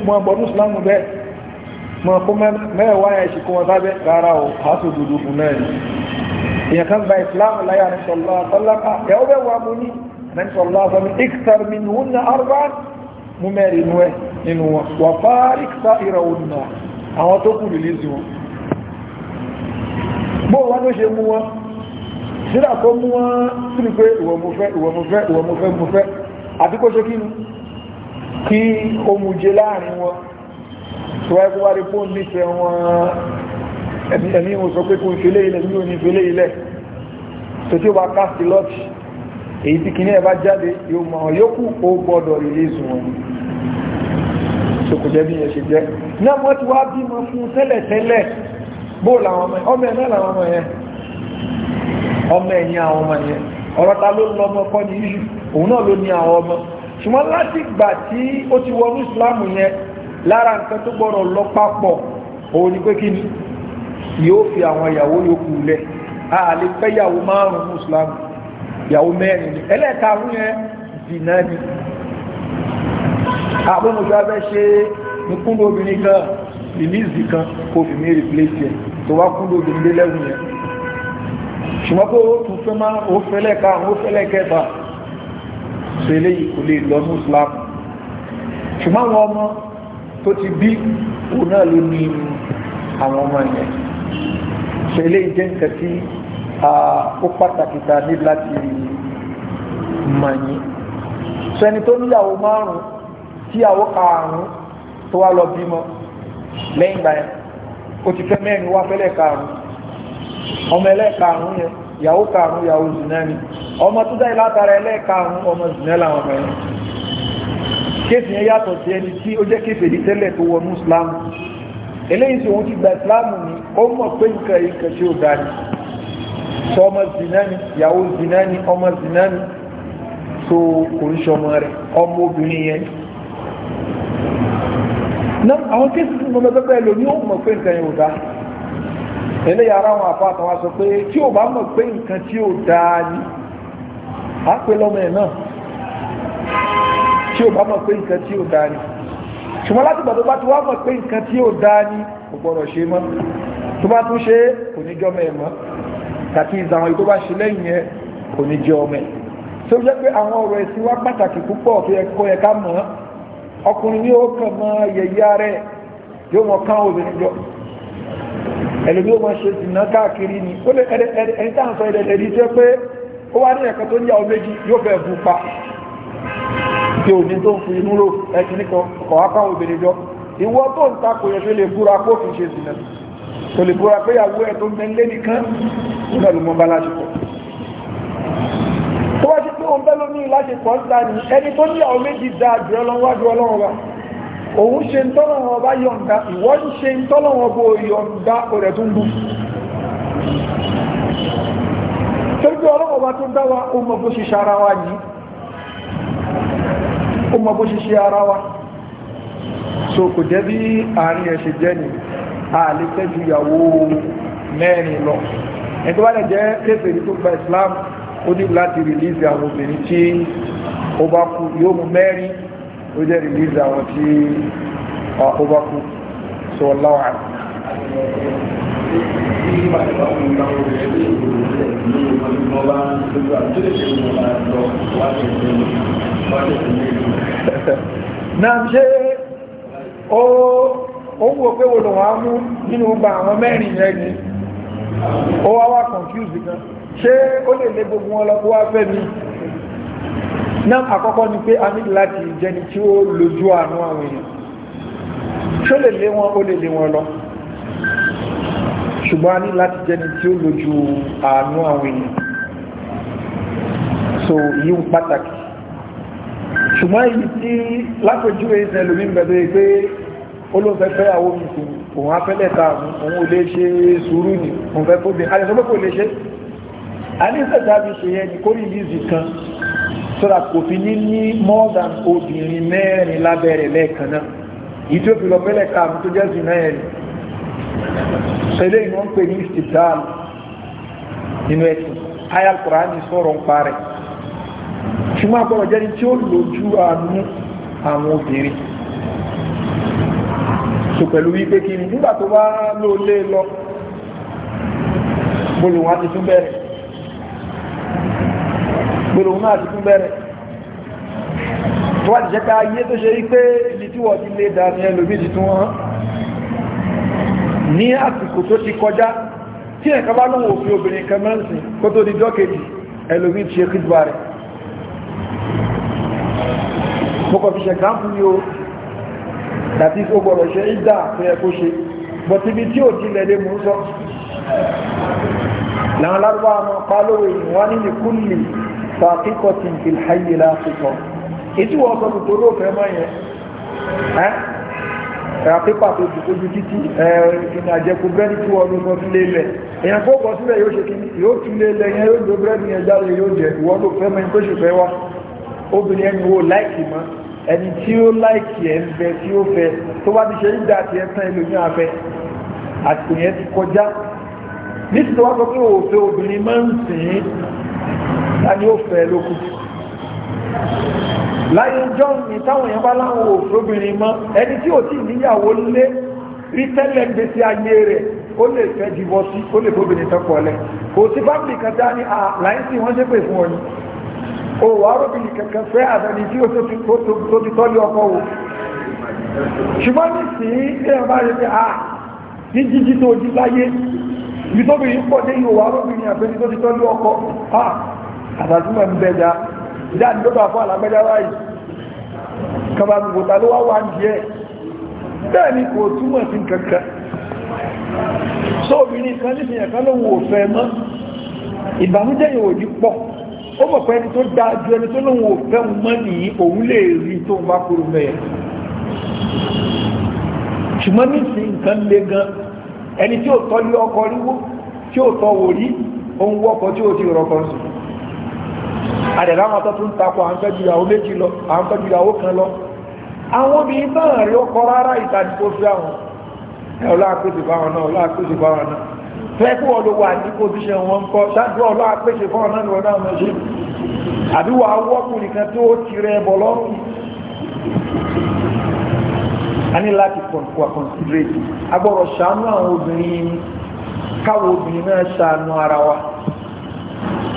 [SPEAKER 1] mọ ọgbọ mùsùlùmù bẹ́ẹ̀ o àṣọ òdodo fún náà ni èèyàn kan gba ìsìlámù láyé àrẹ́sọ̀lá àtọ́lápá ah, ìyàwó mẹ́wàá mo ní àrẹ́sọ̀lá àtọ́lápá ìkìtàr mi nù ní arúgbá mú mẹ́rin nú ẹ̀ nínú wọn wà fárí kìtà ìràwọ̀ nù àwọn tó kù rìlíìsì wọn bó wọn ló ṣe síra tó mú wọn sílù pé ìwọ mo fẹ́ ìwọ mo fẹ́ ìwọ mo fẹ́ kí ni kí ó mu jẹ láàrin wọn tó wáyé kó wá rí fóònù nífẹ̀ẹ́ wọn ẹ̀mí wọn sọ pé kó ń fẹ́lẹ́ ilẹ̀ yóò ní fẹ́lẹ́ ilẹ̀ tó tí ó bá káàsì lọ́ọ̀tì èyí tí kìíní ẹ̀ bá jáde ọmọ ẹ̀yìn àwọn ọmọ yẹn ọ̀rọ̀ ta ló ń lọ ọmọ kọ́ ní iṣu òun náà ló ní àwọn ọmọ ṣùgbọ́n láti gbà tí ó ti wọnú ìsìláàmù yẹn lára nǹkan tó gbọ́dọ̀ lọ papọ̀ òun ni pé kí ni yóò fi àwọn ìyàwó yòókù lẹ̀ a lè fẹ́ ìyàwó márùn-ún ìsìláàmù ìyàwó mẹ́rin ni ẹlẹ́ẹ̀karùn-ún yẹn zìnà ni àbọ̀mọ̀ṣọ́ abẹ́ ṣe nìkúndóbìnrin kan rìlíìsì kan kò fi mí rìpléṣì tó wá kúndóbìnrin lé yẹn ṣùgbọ́n pé ó tún fẹ́ máa ó fẹ́lẹ̀ ká ó fẹ́lẹ̀ kẹta ṣẹlẹ̀ yìí kò lè lọ ní Islam ṣùgbọ́n àwọn ọmọ tó ti bí òun náà ló ní àwọn ọmọ yẹn ṣẹlẹ̀ yìí jẹ́ nǹkan tí ó pàtàkì ta ní láti mọ̀ yín sẹni tó níyàwó márùn-ún tíyàwó karùn-ún tó wá lọ bímọ lẹ́yìn ìgbà ó ti fẹ́ mẹ́rin wá fẹ́lẹ̀ karùn ọmọ ẹlẹ́ẹ̀karùn yẹn ìyàwó karùn ìyàwó zùnà ni ọmọ tó dá ìlátara ẹlẹ́ẹ̀karùn ọmọ zùnà làwọn ọmọ yẹn kéèsì yẹn yàtọ̀ sí ẹni tí ó jẹ́ kéèsì èdè tẹ́lẹ̀ tó wọnú islam eléyìí tí òun ti gba islam ni ó mọ̀ pé nǹkan nǹkan tí ó ga ni sọ ọmọ zùnà ni ìyàwó zùnà ni ọmọ zùnà ni so rẹ ọmọ obìnrin yẹn náà àwọn kéèsì tí mo mọ pẹ́pẹ́ lò ní ó mọ̀ pé nǹkan yẹn ò ga eléyà ara wọn àfa àtàwọn sọ pé tí o bá mọ̀ pé nǹkan tí o dáa ni á pé lọ́mọ ẹ̀ náà tí o bá mọ̀ pé nǹkan tí o dáa ni ṣùgbọ́n láti gbàdó bá ti wá mọ̀ pé nǹkan tí o dáa ni kò gbọ́dọ̀ ṣe mọ́ tó bá tún ṣe kò ní jọ́mọ ẹ̀ mọ́ tàbí ìzàwọn ìtó bá ṣe lẹ́yìn ẹ̀ kò ní jẹ́ ọmọ ẹ̀ tó jẹ́ pé àwọn ọ̀rọ̀ ẹ̀sìn wá pàtàkì púpọ̀ tó yẹ kó yẹ ká mọ̀ ọkùnrin ní ó kàn mọ́ yẹ̀yẹ́ rẹ̀ yóò mọ̀ kán obìnrin jọ ẹlẹ́bí ó máa ṣe ìná káàkiri ni ó lè ẹni tá à ń sọ ilẹ̀ ẹ̀rí jẹ́ pé ó wá ní ẹ̀kan tó ní àwọn méjì yóò fẹ́ bu pa tí ò ní tó ń fi inú rò ẹ̀kí nìkan kọ̀ wá káwọn obìnrin jọ ìwọ tó ń ta kò yẹ tó lè búra kó fi ṣe ìsìnà tó lè búra pé ìyàwó ẹ̀ tó ń bẹ́ńlé nìkan ó náà mọ́ bá láṣepọ̀ tó wá ṣe pé òun bẹ́ lómi láṣepọ̀ ń ta ni ẹni tó ní àwọn méjì dáa jù ọlọ́wájú ọlọ́run wa òun ṣe ń tọ́lọ̀ wọn bá yọ̀ǹda ìwọ ń ṣe ń tọ́lọ̀ wọn bó yọ̀ǹda ọ̀rẹ́ tó ń bú torípé ọlọ́wọ́ bá tó dá wa ó mọ bó ṣe ṣe ara wa yìí ó mọ bó ṣe ṣe ara wa so kò jẹ́ bí àárín ẹ̀ jẹ́ ni a lè fẹ́ ìyàwó mẹ́rin lọ ẹni bá lè jẹ́ kéfèrí tó gba Islam ó ní láti rìlíìsì àwọn obìnrin tí ó bá ó jẹ́ release àwọn tí ó bá kú sọ wallahu a'lam. *laughs*
[SPEAKER 2] náà ṣe ó ó wò pé
[SPEAKER 1] wo lòun á mú nínú gba àwọn mẹ́rin yẹn ni ó wá wá confuse gan ṣé ó lè lé gbogbo wọn lọ kó wá fẹ́ mi náà àkọ́kọ́ ni pé a ní láti jẹni tí ó lójú àánú àwọn èèyàn ṣó lè lé wọn ó lè lé wọn lọ ṣùgbọ́n a ní láti jẹni tí ó lójú àánú àwọn èèyàn so yí ń pàtàkì ṣùgbọ́n èyí tí lápẹjú ẹ̀sẹ̀ lómi ń bẹ̀rẹ̀ pé olóòfẹ́fẹ́ àwọn òmìnkùn òun afẹ́lẹ̀ ta òun ò lè ṣe sùúrù ní òun fẹ́ so that kò fi ní ní more than obìnrin mẹ́rin lábẹ́rẹ̀ lẹ́ẹ̀kan náà yìí tí ó fi lọ pẹ́lẹ̀ ká àmì tó jẹ́ sí náà ẹ̀rì ṣẹlẹ̀ ìwọ̀n ń pè ní istidal nínú ẹ̀sìn aya Al-Qur'ani sọ̀rọ̀ ń parẹ́ ṣùgbọ́n àgbọ̀rọ̀ jẹ́ ní tí ó lójú àánú àwọn obìnrin so pẹ̀lú wípé kí nígbà tó wá lóòlé lọ bólúwọ́n ti tún bẹ̀rẹ̀ gbèrò náà ti tún bẹ̀rẹ̀ wọ́n ti jẹ́ ká ayé tó ṣe rí pé ibi tí wọ́n ti lè dà ní ẹlòmí ti tún hàn ní àsìkò tó ti kọjá tí ẹ̀ka bá lóhun òfin obìnrin kan kó tó di jọ́kejì ẹlòmí ti ṣe kíjìbá rẹ̀ mọ́kọ̀ fi ṣe gáàmù ní o dàbí ó gbọ́dọ̀ ṣe ìdá tó yẹ kó ṣe bọ̀tí ibi tí ò ti lẹ̀ lé mú sọ làwọn lárúbáwọn pa lóhun ìwọ́n nílùú fàákíkọ̀ tí n fi hayè lásìkò ètí wọ́n sọ tuntun ló fẹ́ mọ́ yẹn ẹ́ ẹ̀rà pépà tó ti kojú títí ẹ̀ẹ́dìkìnì àjẹkù búrẹ́dì tí wọ́n ló sọ sílé lẹ̀ èèyàn kó bọ̀ sílẹ̀ yóò ṣe kí ni yóò tún lé lẹ̀ yẹn yóò lo búrẹ́dì yẹn jáde yóò jẹ ìwọ́n ló fẹ́ mọ́ ẹni tó ṣe fẹ́ wá obìnrin ẹni wo láìkì mọ́ ẹni tí ó láìkì ẹ̀ ń bẹ tí ó fẹ́ tó bá ti ṣe ìdá àti ẹ̀sán ẹlòmíràn afẹ́ àtìyẹn ti kọjá nítorí wọ́n sọ pé òfin obìnrin máa ń sìn ta ni ó fẹ́ lókù láyé jọ́ ní táwọn èèyàn bá láwọn òfurobìnrin mọ́ ẹni tí ò tí níyàwó lé rí tẹ́lẹ̀ gbèsè ayé rẹ̀ ó lè fẹ́ jìbọ́ sí ó lè fóbìnrin tọ́pọ̀ ọ̀lẹ́ kò sí fábìlì kan dá ní àláìsí ah, wọ́n ṣépè fún ọ ni o wà rọ́bìnrin kankan fẹ́ àtẹni tí ó tó ti tọ́lé ọkọ wò ṣùgbọ́n ní sí èèyàn bá rí pé à ah, ní jíjí tó jí láyé ibi tóbìnrin pọ̀ dé ìhòwà rọ́bìnrin àtẹni tó ti tọ́lé ọkọ ah, àtàtúmọ̀ ń bẹja ìdá ní ló bá fún àlágbẹ́já báyìí kọba gbogbo ta ló wá wá ń jẹ́ bẹ́ẹ̀ ni kò túmọ̀ sí kankan so obìnrin kan nísìnyí ẹ̀kan ló wò fẹ́ mọ́ ìbànújẹ́ yóò ní pọ̀ ó mọ̀ pé ẹni tó dáa ju ẹni tó lóun ò fẹ́ mọ́ nìyí òun lè rí tó ń bá kúrò mẹ́ẹ̀ ṣùgbọ́n nísìnyí nǹkan le gan ẹni tí ò tọ́ lé ọkọ̀ ríwó tí ò tọ́ wò rí òun wọ́kọ̀ tí ò ti rọ̀kọ̀ sùn àdẹ̀rẹ́ àwọn tó tún takọ à ń fẹ́ ju ìyàwó méjì lọ à ń fẹ́ ju ìyàwó kan lọ àwọn obìnrin náà rí ọkọ rárá ìtàdíkò fẹ́ àwọn ẹ̀ ọlọ́àpèsè fáwọn náà ọlọ́àpèsè fáwọn náà fẹ́ kó wọ́n ló wà ní pòsíṣẹ́ wọn kọ́ ṣáájú ọlọ́ àpèsè fún ọ̀nà ìwọ̀n náà mẹ́ṣe àbíwà wọ́pù nìkan tó ti rẹ ẹbọ̀ lọ́rùn a ní láti wà considerate agbọ́rọ̀ ṣàánú àwọn obìnrin káwọn obìnrin náà ṣàánú ara wa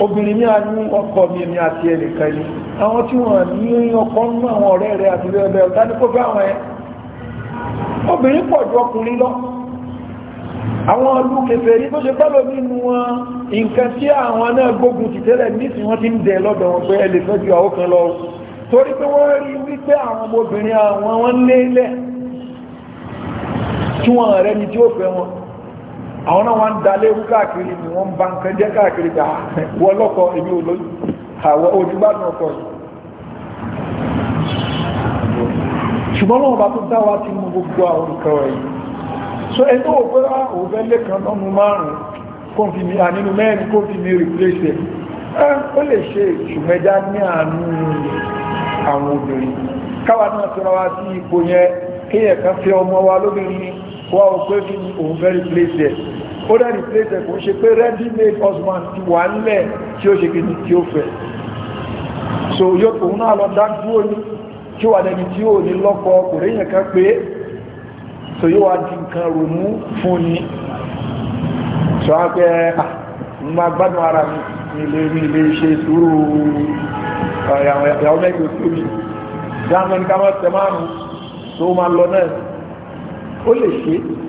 [SPEAKER 1] obìnrin ní a ní ọkọ mi èmi àti ẹnìkan ni àwọn tí wọ́n ní ọkọ nínú àwọn ọ̀rẹ́ rẹ̀ àti bẹ́ẹ̀ ọ̀tá ní kó fẹ́ àwọn ẹ obìnrin pọ̀ ju ọkùnrin lọ àwọn ọdún kèfèrí tó ṣe pẹ́lò nínú wọn nǹkan tí àwọn náà gbógun ti tẹ́lẹ̀ nísìn wọ́n ti ń dẹ̀ lọ́dọ̀ wọn pé ẹ lè fẹ́ ju àwọn kan lọ torí pé wọ́n rí wípé àwọn ọmọbìnrin àwọn wọn lélẹ̀ tí wọ́n rẹ̀ ni tí ó fẹ́ wọn àwọn náà wọ́n ń dalé wú káàkiri ni wọ́n ń ba nǹkan jẹ́ káàkiri gbà wọ́n lọ́kọ̀ èmi ò lóyún àwọn onígbàdùn ọkọ̀ yìí ṣùgbọ́n wọn bá tó dáwà tí mú gbogbo àwọn nǹkan ẹ̀yìn so ẹnú ah, òpérà òbẹ́ lẹ́kan lọ́nu márùn-ún kó fi mi mẹ́rin kó fi mi eh, ó lè ṣe ṣùgbẹ́já ní àánú àwọn obìnrin káwa náà tọ́ra wá sí ipò yẹn kéèyàn kan fẹ́ ọmọ wa lóbìnrin wá òpé fi òun fẹ́ replace ó dẹ̀ replace ẹ̀ kò ń ṣe pé ready made husband ti wà nílẹ̀ tí ó ṣe kìíní tí ó fẹ́ so yóò tòun náà lọ dá dúró ní tí wà lẹ́ni tí ó ní lọ́kọ kò ríyàn ká pé so yóò wá di nǹkan ronú fún ni so a pẹ́ ma gbádùn ara mi ilé mi ilé iṣẹ́ ìṣúrù ìyàwó mẹ́jọ sí mi dáhùn ní ká mọ́ tẹ̀ márùn-ún tó máa lọ náà ó lè ṣe é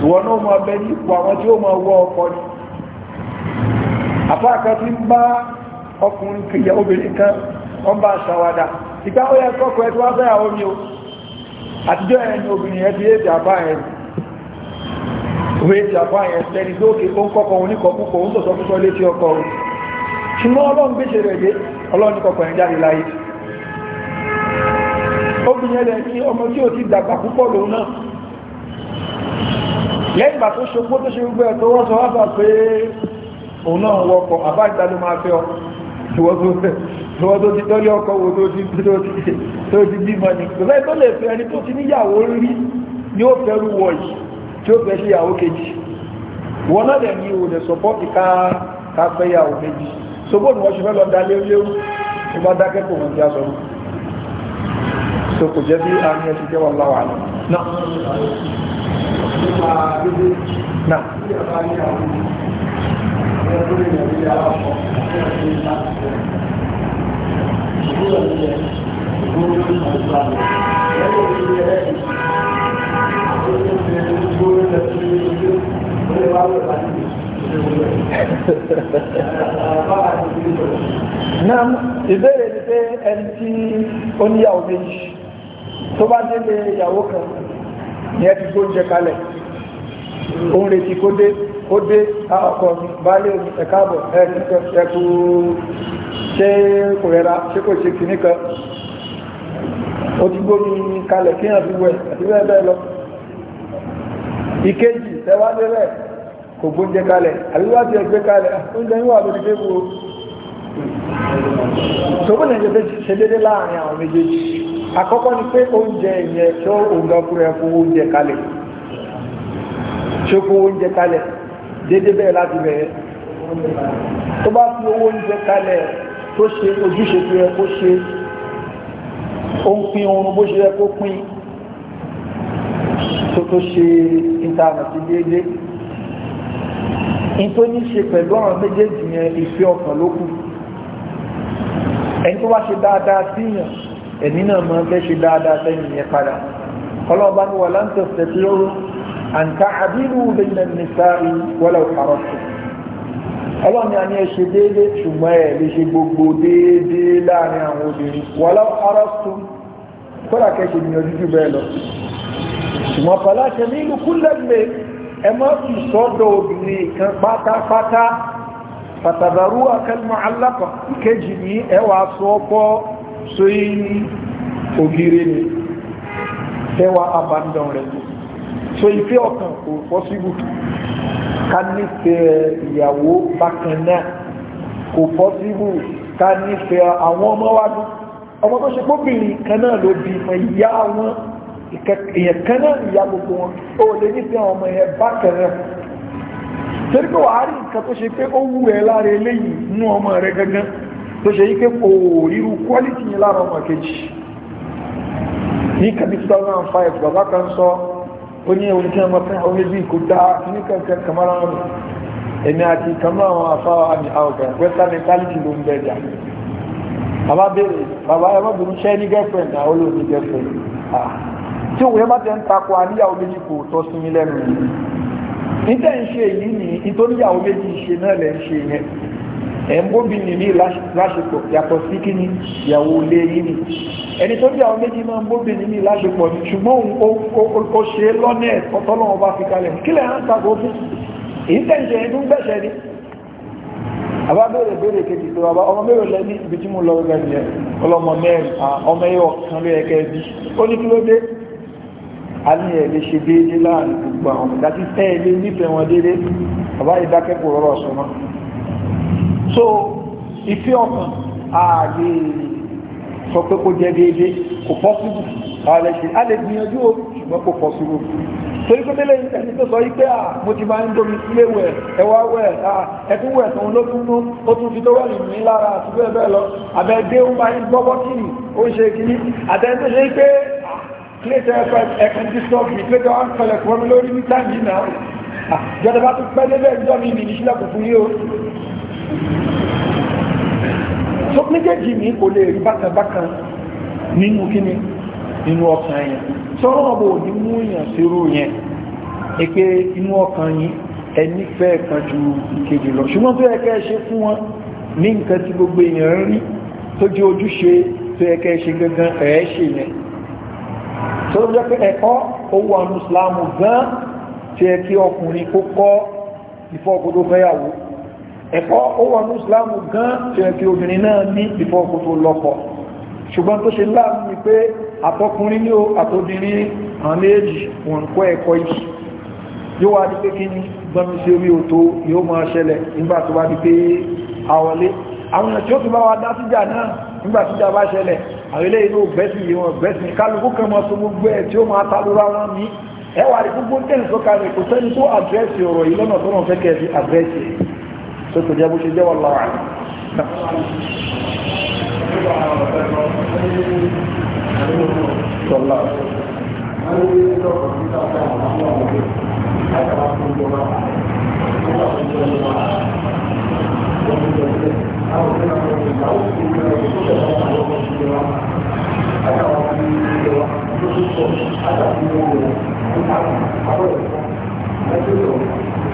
[SPEAKER 1] ìwọ náà máa bẹ ní ipò àwọn tí ó máa wọ ọkọ ní àfáàkà ti ń bá ọkùnrin kìyà obìnrin kan wọ́n bá ṣàwádà ìgbà ó yẹ kọ́kọ́ ẹ tí wọ́n fẹ́ àwọn o àtijọ́ ẹ̀ ni obìnrin ẹ ti èdè àbá ẹ̀ òwe èdè àbá ẹ̀ obìnrin ẹ̀ ọmọ tí ò ti dàgbà púpọ̀ lòun náà lẹ́yìn ìgbà tó ṣe gbó tó ṣe gbogbo ẹ̀ tó wọ́n sọ wá bà pé òun náà wọkọ̀ àbá ìgbà ló máa fẹ́ ọ ìwọ́n tó ti tọ́lé ọkọ̀ wo tó ti bímọ ní ìgbẹ́ tó lè fẹ́ ẹni tó ti níyàwó rí ni ó fẹ́rú wọ̀ yìí tí ó fẹ́ sí ìyàwó kejì wọ́n náà dẹ̀ ní òdẹ̀ sọpọ́tì ká fẹ́ ìyàwó kejì sọ́bọ̀ ni wọ́n ṣe fẹ́ lọ dá léwu tó bá dákẹ́ kò wọ́n ti aṣọ mú so kò jẹ́ bí
[SPEAKER 2] àmì ẹ̀sìn jẹ́ wà láwàá náà náà. *laughs*
[SPEAKER 1] Nam ìbéèrè ni pé ẹni tí ó níyàwó méjì tó bá délé ìyàwó kan ni ẹ ti gbóúnjẹ kalẹ̀. òun retí kó dé ó dé ọkọ̀ mi ẹ̀kú kò kò ṣe kìíní kan ó ti gbómi kalẹ̀ kí hàn fi wẹ̀ àti bẹ́ẹ̀ bẹ́ẹ̀ lọ ìkejì tẹ́wádé rẹ̀ kò gbóúnjẹ kalẹ̀ àbí ẹgbẹ́ kalẹ̀ ah, oúnjẹ yíwà lórí débò tòbó ọ ṣe dédé láàrin àwọn méjèèjì àkọ́kọ́ ni pé oúnjẹ ìyẹn ṣokó oúnjẹ kalẹ̀ dédé bẹ́ẹ̀ láti bẹ̀rẹ̀ tó bá fi owó oúnjẹ kalẹ̀ tó ṣe ojúṣe tó yẹ kó ṣe ó ń pín oorun bó ṣe yẹ kó pín tó tó ṣe íńtánẹ̀tì déédé ní tó ní ṣe pẹ̀lú àwọn méjèèjì yẹn ìfẹ́ ọkàn ló kù ẹni tó bá ṣe dáadáa síyàn ẹ̀mí náà máa fẹ́ ṣe dáadáa sẹ́yìn yẹn padà ọlọ́ọ̀bá ní wà láǹtẹ̀ tẹ̀síọ́rọ́ an ta'dilu bayna an-nisa'i walau haratu ọlọ́run ni a ní ẹ ṣe déédéé ṣùgbọ́n ẹ lè ṣe gbogbo déédéé láàrin àwọn obìnrin walau haratu kọ́lá kẹ́ṣe ìyànjú jù bẹ́ẹ̀ lọ ṣùgbọ́n pàlá ṣe ní ìlú kúlẹ̀lẹ̀ ẹ má fi sọ́dọ̀ obìnrin kan pátápátá pàtàdàrú akẹ́lùmọ́ so ìfẹ́ ọkàn kò fọ́síbù ká nífẹ̀ẹ́ ìyàwó bákan náà kò fọ́síbù ká nífẹ̀ẹ́ àwọn ọmọ wa bí ọmọ tó ṣe pópìnrin kan náà ló bí ìmọ̀ ìyá wọn èèyàn kan náà ìyá gbogbo wọn ó lè nífẹ̀ẹ́ àwọn ọmọ yẹn bákan náà torí pé wàá rí nǹkan tó ṣe pé ó wù ẹ́ lára eléyìí nínú ọmọ rẹ gangan tó ṣe yí pé kò ríru quality yẹn lára ọmọ kejì ní kàbí 2005 bàbá kan sọ ó ní ohun tí wọ́n fẹ́ omi bí kò dá ní kankan kamara wọn èmi àti kamara wọn afáwọn àmì àwọ̀gá western mentality ló ń bẹ̀ jà bàbá béèrè bàbá ẹ mọ́bìrú ṣẹ́ ní girlfriend náà ah, ó lò ní girlfriend ah, tí òun yẹn bá tẹ̀ ń takọ àníyàwó méjì kò tọ́ sí mi lẹ́nu yìí níta ń ṣe èyí ni ìtòníyàwó méjì ṣe náà lẹ́ ń ṣe yẹn ẹ̀ńbóbìnrin ní láṣepọ̀ yàtọ̀ sí kí ni ìyàwó lé yìí ẹni tó bí àwọn méjì máa ń bóbìnrin ní láṣepọ̀ ṣùgbọ́n ó ṣe lọ́nà ẹ̀kọ́ tọ́lọ́wọ́ bá fi kalẹ̀ kí lẹ̀ ń tàbí fún èyí tẹ̀sẹ̀ gbẹ̀ṣẹ̀ ni àbá béèrè béèrè kejì tó àbá ọmọ mẹ́rin lẹ ní ibi tí mo lọ rẹ̀ yẹn ọlọmọ mẹ́rin ọmọ ẹyọ kan ló yẹ kẹ́ bí ní kí so ìfẹ́ ọkàn ààrẹ sọ pé kó jẹ déédéé kò pọ́sibú ààrẹ ṣe a lè gbìyànjú o ṣùgbọ́n kò pọ́sibú torí pé délé ẹni tó sọ wípé à mo ti máa ń domi sílé wẹ̀ ẹwà wẹ̀ ẹtún wẹ̀ tán ló tún mú ó tún fi tó wà nínú ní lára àti bẹ́ẹ̀ bẹ́ẹ̀ lọ àbẹ̀dé ó máa ń gbọ́ bọ́kìnì ó ń ṣe kìíní àtẹni tó ṣe pé kílẹ̀tẹ̀ ẹ̀kan disturb mi kílẹ̀tẹ̀ wà ń kọlẹ̀ kọ́ mi lórí ní táìmì náà jọdọ̀ bá tún pẹ́ débẹ̀ ìjọ mi nì tó méjèèjì ní kò lè rí bákan bákan nínú kíni nínú ọkàn yẹn sọ́rọ̀ ọ̀bọ̀ ò ní mú èèyàn sírò yẹn ni pé inú ọkàn yìí ẹni fẹ́ kan ju ìkejì lọ ṣùgbọ́n tó yẹ kẹ́ ṣe fún wọn ní nǹkan tí gbogbo èèyàn ń rí tó jẹ́ ojúṣe tó yẹ kẹ́ ṣe gangan ẹ̀ ṣe yẹn tó ló jẹ́ pé ẹ̀kọ́ owó àwọn mùsùlùmù gan tí ẹ kí ọkùnrin kó kọ́ ìfọ́kòdó fẹ́yàwó ẹ̀kọ́ ó wà ní ìsìláàmù gan ṣe kí obìnrin náà ní ìfọ́ ọkọ̀ lọ́pọ̀ ṣùgbọ́n tó ṣe láàmù ni pé àtọkùnrin ní o àtobìnrin wọn kọ́ ẹ̀kọ́ yìí yóò wá di pé kí ni gbọ́nmi sí orí òtó yóò máa ṣẹlẹ̀ nígbà tó wá di pé àwọlé àwọn èèyàn tí ó ti bá wa dá síjà náà nígbà síjà bá ṣẹlẹ̀ àwọn ilé inú gbẹ́sì ìwọ̀n gbẹ́sì kálukú kan mọ́ tó gbogbo ẹ̀ tí ó máa ta lóra wọn ní ẹwà rí gbogbo tẹ̀sán kalẹ̀ kò sẹ́ni tó àdírẹ́sì ọ̀rọ̀ yìí lọ́nà tó náà fẹ́ àdírẹ́sì tó kò jẹ́ bó ṣe jẹ́ wallahu a'lam
[SPEAKER 2] Sọlá. Thank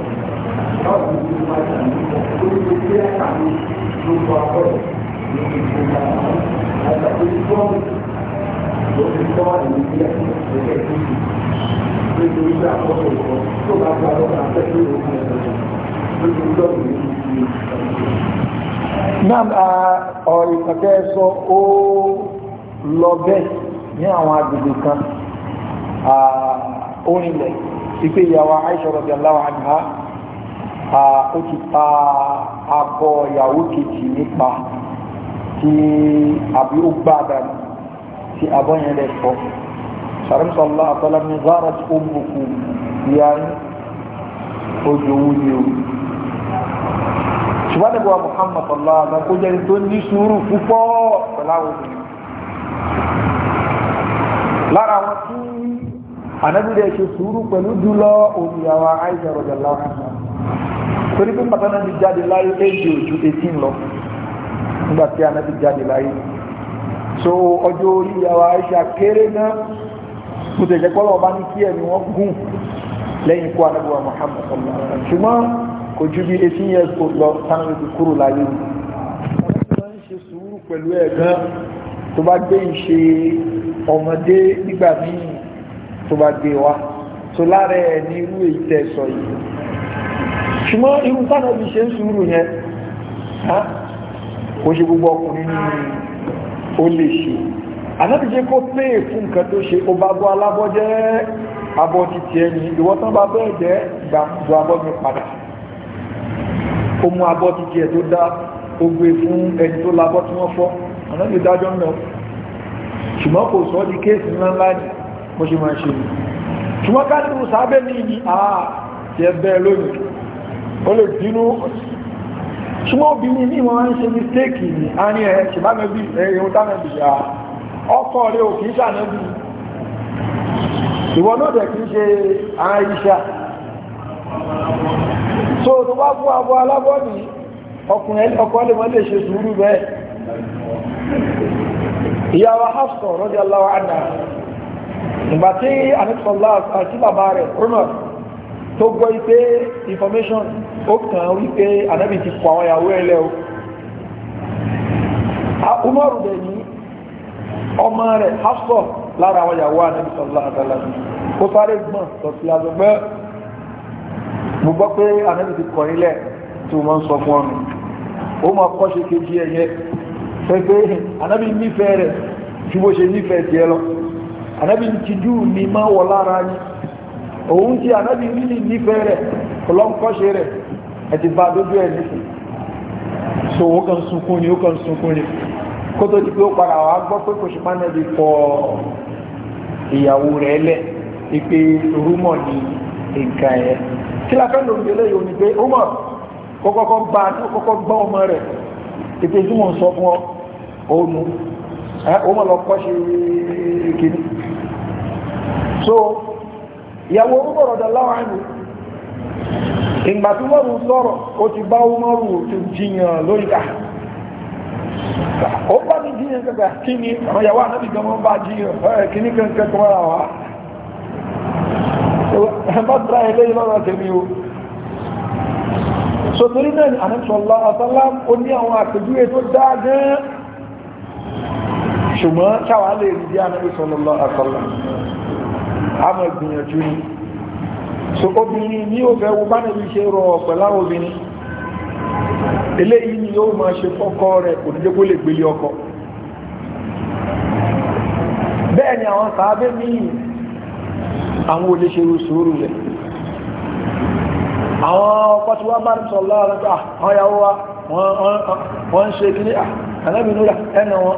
[SPEAKER 2] Nam ọ̀rọ̀ ìpàkẹ́ sọ
[SPEAKER 1] ó lọ bẹ́ẹ̀ ní àwọn agbègbè kan orinlẹ̀ ìpé ìyàwó Aisha radiyallahu anha ó ti ta akọ ìyàwó kejì nípa tí àbí ó gbá dànù tí abọ́ yẹn lè fọ́ sàrẹ́sọ̀lá àtọ́lámi zára tí ó bùkù ìyá ojú owó ni o ṣùgbọ́n nígbà Muhammad ọ̀la àgbàkójẹ́ tó ní sùúrù púpọ̀ pẹ̀láwọ̀ lára wọn tí anábìrẹ̀ ṣe sùúrù pẹ̀lú jùlọ òmìyàwó àìsàn rọ̀jọ̀lá ọ̀hún torí pé bàbá náà ti jáde láyé éjì ojú eighteen lọ nígbà tí aná ti jáde láyé so ọjọ́ orí ìyàwó Aisha kéré náà mo tẹ̀jẹ̀ pọ́lọ́ ọba ní kí ẹ̀mí wọn gùn lẹ́yìn ikú anábíwá Muhammad ṣùgbọ́n kò ju bí eighteen years old lọ sanwó ti kúrò láyé ni
[SPEAKER 2] wọ́n ń ṣe sùúrù pẹ̀lú ẹ̀ gan
[SPEAKER 1] tó bá gbé ìṣe ọmọdé nígbà míì tó bá so lára ẹ̀ ní irú èyí yìí ṣùgbọ́n irú tánàbí ṣe ń sùúrù yẹn kò ṣe gbogbo ọkùnrin ní ó lè ṣe anábì jẹ́ kó pé fún nǹkan tó ṣe ó bá bọ́ alábọ́jẹ́ abọ́ ti tiẹ̀ ní ìwọ́n tán bá bẹ́ẹ̀ jẹ́ gbàgbọ́ abọ́ mi padà ó mú abọ́ ti tiẹ̀ tó dá ó fún ẹni tó labọ́ tí wọ́n fọ́ anábì dájọ́ ń lọ ṣùgbọ́n kò sọ di kéèsì ńláńlá ni mo ṣe máa ṣe ṣùgbọ́n ká nínú sábẹ́ ní ìní àá ti ẹ bẹ́ẹ̀ lónìí ó lè bínú ṣùgbọ́n obìnrin ní wọ́n ń ṣe mistéèkì ní a ní ẹ̀ ṣìbámẹ́bí ẹ̀yẹ̀wọ̀n tánàbì ọkọ̀ rẹ̀ ò kìí ṣànẹ́bì ìwọ náà dẹ̀ kìí ṣe àìṣà so tó bá fún abọ́ alábọ́ọ̀nì ọkùnrin ọkọ̀ lè mọ́ lè ṣe sùúrù bẹ́ẹ̀ ìyàwó Hafsa radiyallahu anha ìgbà tí anìkọ̀lá àti bàbá rẹ̀ Umar tó gbọ́ ipé information ó kàn án wípé anábì ti kọ àwọn ìyàwó ẹlẹ́ o umaru dẹ̀ ní ọmọ rẹ̀ hafsọ lára àwọn ìyàwó anábì sallallahu alaihi wasallam ó sáré gbọ́n tọ̀sí àzọgbẹ́ mo gbọ́ pé anábì ti kọ̀ nílẹ̀ tí mo máa ń sọ fún ọ̀nà ó máa kọ́ ṣe kejì ẹ̀yẹ pẹ̀pẹ́ anábì nífẹ̀ẹ́ rẹ̀ tí mo ṣe nífẹ̀ẹ́ tiẹ̀ lọ anábì ti dùn mi máa wọ̀ lára yìí òun ti anábì nífẹ̀ẹ́ rẹ̀ ọlọ́nkọ́ṣe rẹ̀ ẹ̀tì bá dójú ẹ̀ nìkù so ó kàn sunkún ni ó kàn sunkún ni kó tó di pé ó padà wá gbọ́ pé kò ṣe má nẹ́bi kọ ìyàwó rẹ̀ lẹ̀ ìpè rúmọ̀ ni nǹkan ẹ̀ kí la fẹ́ lòun délé yìí ni pé ó mọ̀ kọ́kọ́kọ́ bá ní kọ́kọ́ gbọ́ ọmọ rẹ̀ ìpè tí mò ń sọ fún ọ òun ó mọ̀ lọ kọ́ ṣe kìíní so ìyàwó orúkọ̀ rọ̀dọ̀ láwọn àìmọ̀ ìgbà tí wọ́n rú sọ̀rọ̀ ó ti bá umaru tó jiyàn lórí ká ó bá mi jiyàn kankan kí ni àwọn yàwó àná nìkan mọ́ bá jiyàn ẹ̀ kí ni kankan tó wà wá ẹ̀ bá dra eléyìí lọ́rọ̀ tèmi o sotori náà ni àníṣọ́lá àtàlá ó ní àwọn àpèjúwe tó dáa ṣùgbọ́n so obìnrin ní ó fẹ́ wo bánàbí ṣe rọ pẹ̀lá obìnrin eléyìí ni yóò máa ṣe fọ́kọ rẹ̀ kò níjẹ́ kó lè gbélé ọkọ bẹ́ẹ̀ ni àwọn sàábé míì àwọn olè ṣe ru sùúrù rẹ̀ àwọn ọkọ tí wọ́n bá ń sọ lọ́wọ́ àwọn ìyàwó wa wọ́n ń ṣe kí ní ah, ànábìnúra ẹ̀nà wọn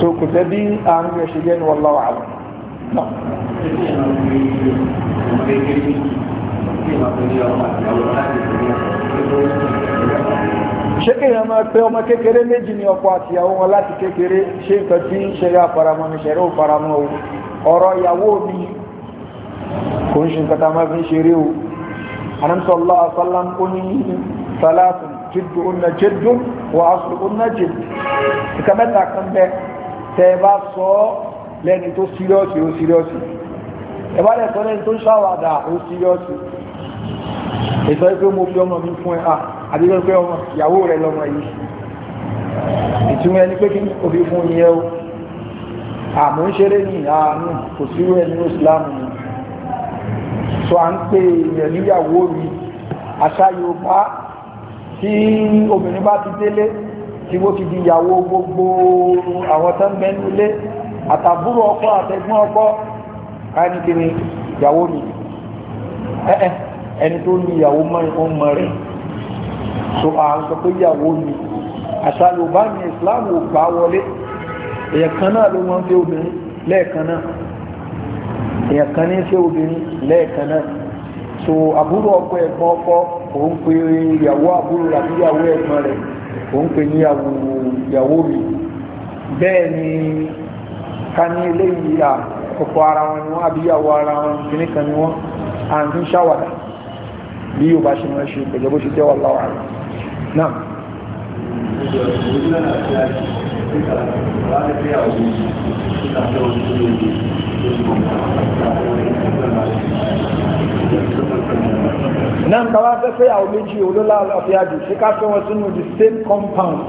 [SPEAKER 2] so kò tẹ́bí àárín rẹ̀ ṣe jẹ́ ní wọ́n lọ́wọ́ àlọ́ náà.
[SPEAKER 1] ṣé kéèyàn máa pé ọmọ kékeré méjì ní ọkọ àtìyàwó wọn láti kékeré ṣé nǹkan tí ṣẹlẹ̀ àfaramọ́ ní ṣẹlẹ̀ ò faramọ́ o ọ̀rọ̀ ìyàwó mi kò ń ṣe nǹkan tá fi ń o anamsọlá asálám ó salatu jiddu unna jiddu wa aslu unna jiddu ìkàmẹ́ta kan bẹ́ẹ̀ tẹ bá sọ lẹ́ni tó síríọ́sì ó síríọ́sì ẹ bá lẹ́sọ lẹ́ni tó ṣàwàdà ó síríọ́sì ètò ẹgbẹ́ mo fi ọmọ mi fún ẹ à àdéjọ́ pé ọmọ ìyàwó rẹ lọmọ yìí ìtumọ̀ ẹni pé kí o fi fún yẹn o àmọ́ ń ṣeré ní àánú kò síwé ẹni ìsìláàmù ni so à ń pè èèyàn níyàwó mi àṣà Yorùbá tí obìnrin bá ti délé tí wọ́n fi di ìyàwó gbogbo àwọn tó ń bẹ nílé àtàbúrò ọkọ àtẹ̀gbọ́n ọkọ káyánìkiri ìyàwó mi ẹ̀ẹ́ ẹni tó ní ìyàwó mọ́ rẹ̀ so à ń sọ pé ìyàwó mi àṣàlò bá ní islam ò gbà wọlé èèyàn kan náà ló wọ́n fẹ́ obìnrin lẹ́ẹ̀kan so àbúrò ọkọ ẹ̀gbọ́n ọkọ òun pe ìyàwó àbúrò àbíyàwó ẹ̀gbọ́n rẹ̀ òun pè ní ìyàwó mi bẹ́ẹ̀ ni ká ní eléyìí à ọkọ ara wọn ni wọ́n àbí ìyàwó ara wọn kìíní kan ni wọ́n à ń fi ṣàwàdà bí yóò bá ṣe máa ṣe pẹ̀lú bó ṣe jẹ́ wà rẹ̀ náà.
[SPEAKER 2] Thank you
[SPEAKER 1] náà káwá fẹ́ fẹ́ àwọn méjì olólà ọ̀fẹ́ àjò ṣé ká fẹ́ wọn sínú the same compound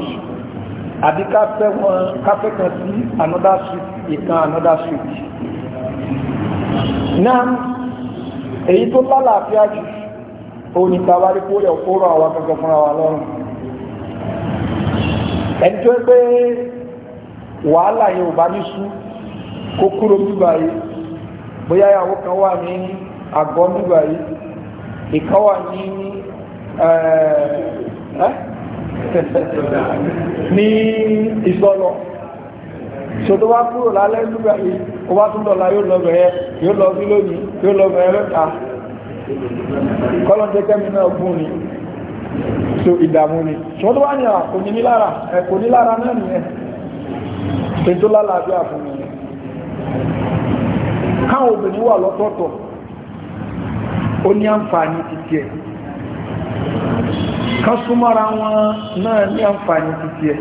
[SPEAKER 1] àbí ká fẹ́ wọn ká fẹ́ kan sí another street ìkan another street náà èyí tó lálàáfíà jù òní tàwárí kó yẹ kóró àwọn akẹ́kọ̀ọ́ fúnra wa lọ́rùn ẹni tó pé wàhálà yẹn ò bá ní sú kó kúrò bíbá yìí bóyá ìyàwó kan wà ní àgọ́ nígbà yìí ìkan wà ní ní ìsọ́lọ̀ so tó bá kúrò lálẹ́ nígbà yìí ó bá tún dọ̀la yóò lọ bẹ̀rẹ̀ yóò lọ bí lónìí yóò lọ bẹ̀rẹ̀ lọ́ta kọ́lọ́ntẹ́kẹ́mi náà gún ni so ìdààmú ni ṣùgbọ́n tó wá ní àkònílára ẹ̀kònílára náà nìyẹn tó tó lálàáfíà káwọn obìnrin wà lọ́tọ̀ọ̀tọ̀ ó ní àǹfààní títí ẹ̀ kan súnmọ́ra wọn náà ní àǹfààní títí ẹ̀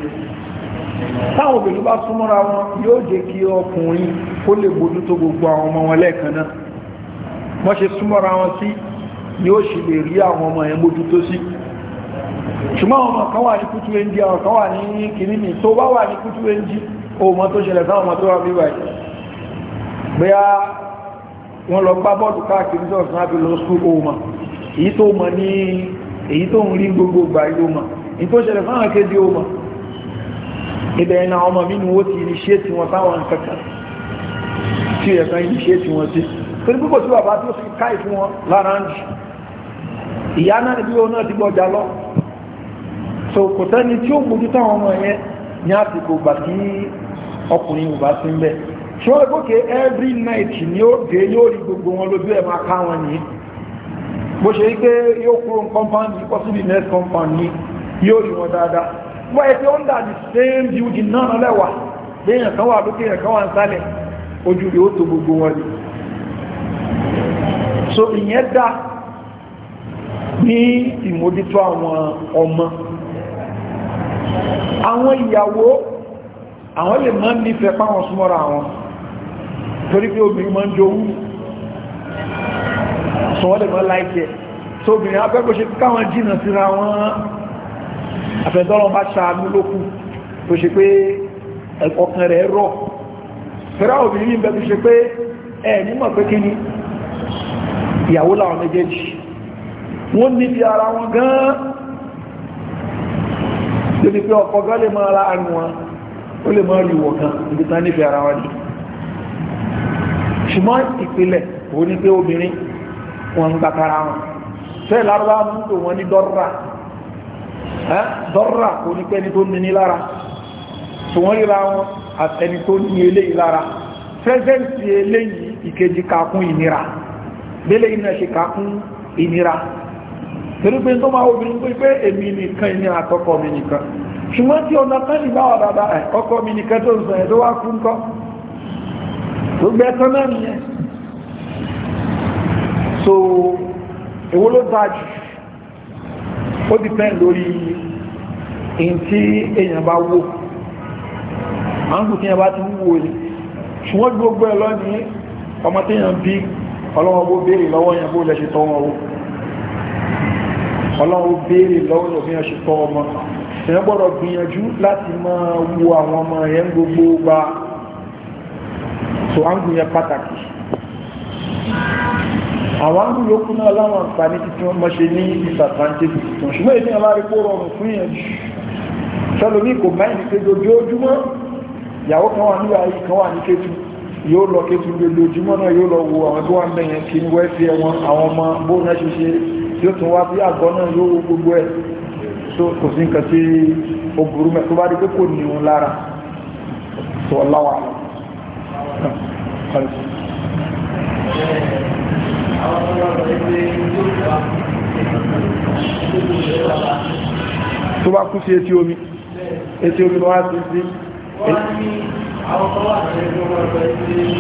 [SPEAKER 1] táwọn obìnrin bá súnmọ́ra wọn yóò jẹ́ kí ọkùnrin ó lè bójú tó gbogbo àwọn ọmọ wọn lẹ́ẹ̀kan náà wọ́n ṣe súnmọ́ra wọn sí ni ó ṣe lè rí àwọn ọmọ ẹ̀ mójú tó sí ṣùgbọ́n ọmọ kan wà ní kútú ẹnjí àwọn kan wà ní kìrìmì tó bá wà ní kútú ẹnjí ohun tó ṣẹlẹ̀ sáwọn ọmọ tó wà bí wáyé wọ́n lọ gbá bọ́ọ̀lù káàkiri jọ́ọ̀sán láti lọ sí ohun èyí tó mọ̀ ní èyí tó ń rí gbogbo gbà ìlú mọ̀ ní tó ṣẹlẹ̀ fáwọn akéde ó mọ̀ ibẹ̀ ẹ̀nà ọmọ mi ni ó ti rí ṣé tí wọ́n táwọn kankan tí ẹ̀ka yìí ṣé tí wọ́n sí torí púpọ̀ tí bàbá tó sì káì fún wọn lára ń jù ìyá náà níbi ó náà ti gbọ́jà lọ so kò tẹ́ni tí ó mójú táwọn ọmọ yẹn ní àsìkò gbà tí ọkùnrin ò bá sí ń bẹ́ẹ̀ ṣọ́ ẹgbókè every night ni ó dé yóò rí gbogbo wọn lójú ẹ̀ máa ká wọn ní bó ṣe wípé yóò kúrò compound ní possibly next compound ní yóò rí wọn dáadáa wọ́n ẹ̀ tí ó ń dà same building náà lẹ́wà léèyàn kan wà lókè èèyàn kan wà gbogbo wọn so ìyẹn dá ní ìmójútó ọmọ àwọn ìyàwó àwọn lè máa ń nífẹ̀ẹ́ súnmọ́ra torí pé obìnrin máa ń jowú sọ wọ́n lè mọ́ láìkẹ́ tó obìnrin afẹ́kọ́ ṣe káwọn jìnà síra wọn afẹ́dọ́rọ̀ bá ṣàánú lókùn tó ṣe pé ọkàn rẹ̀ rọ̀ fẹ́rá obìnrin bẹ́ tó ṣe pé ẹ nímọ̀ pé kí ni ìyàwó làwọn méjèèjì wọ́n ní bí ara wọn gan-an débi pé ọkọ gan lè máa ra àrùn wọn ó lè máa rí wọ̀ gan ibi tán nífẹ̀ẹ́ ara wọn ni ṣùgbọ́n ìpìlẹ̀ wo ni pé obìnrin wọn ń gbàkara wọn fẹ́ lárúbá mú pé wọ́n ní dọ́rà dọ́rà kò ní pé ẹni tó ní ní lára tí wọ́n ríra wọn àtẹni tó ní eléyìí lára fẹ́sẹ̀ǹtì eléyìí ìkejì kakún ìnira bẹ́lẹ̀ iná ṣe kakún ìnira torípé tó máa obìnrin pé pé èmi nìkan ní àtọkọ mi nìkan ṣùgbọ́n tí ọ̀nà kan ìbáwọ̀ dáadáa ọkọ mi nìkan tó ń sọ ẹ̀ tó wá kú ńkọ́ gbogbo ẹ̀tọ́ náà nìyẹn so èwo ló bá jù ó dìpẹ́ǹ lórí èyí tí èèyàn bá wò àǹkù tí èèyàn bá ti wò ní ṣùgbọ́n gbogbo ẹ̀ lọ́nìí ọmọ tí èèyàn bí ọlọ́wọ́ bó béèrè lọ́wọ́ yẹn bó lẹ́ ṣe tọ́ wọn ọlọ́wọ́ béèrè lọ́wọ́ yẹn bí yẹn ṣe tọ́ ọmọ èèyàn gbọ́dọ̀ gbìyànjú láti máa wo àwọn ọmọ yẹn gbogbo gba so angu yẹn pàtàkì àwọn angu yòókù náà láwọn àǹfààní títí wọn máa ṣe ní disadvantage tuntun ṣùgbọ́n èmi àwọn arípò rọrùn fún yẹn jù sẹlómi kò máa ní kéde ojoojúmọ́ ìyàwó kan wà níwà yìí kan wà ní kétu yóò lọ kétu lójoojúmọ́ náà yóò lọ wo àwọn tó wà ń bẹ̀yẹn kí ni wọ́n fi ẹ̀wọ̀n àwọn ọmọ bóun náà ṣe ṣe yóò tún wá sí àgọ́ náà yóò wo gbogbo ẹ̀
[SPEAKER 2] tó
[SPEAKER 1] bá kú sí etí omi etí omi wá sí sí
[SPEAKER 2] àwọn kan wà ní ẹgbẹ́ wọn lọ sí ilé ìwé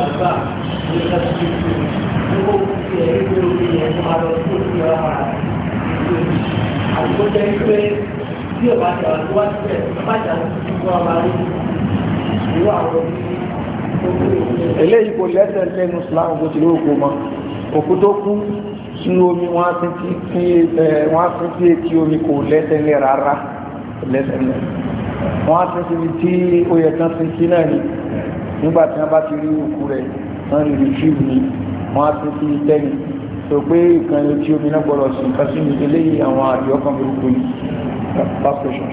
[SPEAKER 2] bàbá ní láti fi ní kó fi ẹgbẹ́ omi yẹn tó máa lọ sí òkú ọmọ rẹ̀ àti kó jẹ́ pé bí ọba jà wá síbẹ̀ bàbá jà wọ́n ti kó ọmọ rẹ̀
[SPEAKER 1] eléyìí kò lẹ́sẹ̀ lẹ́nu islam tó ti lóòkó mọ́ òkú tó kú sí omi wọ́n á tún sí etí omi kò lẹ́sẹ̀ lẹ́ rárá lẹ́sẹ̀ lẹ́ wọ́n á tún síbi tí ó yẹ kán sí sí náà ni nígbà tí wọ́n bá ti rí òkú rẹ̀ wọ́n rí retrieve ni wọ́n á tún sí tẹ́ni tó pé ìkan etí omi náà gbọ́dọ̀ sí nǹkan sí ni eléyìí àwọn àjọ kan burúkú ni past question.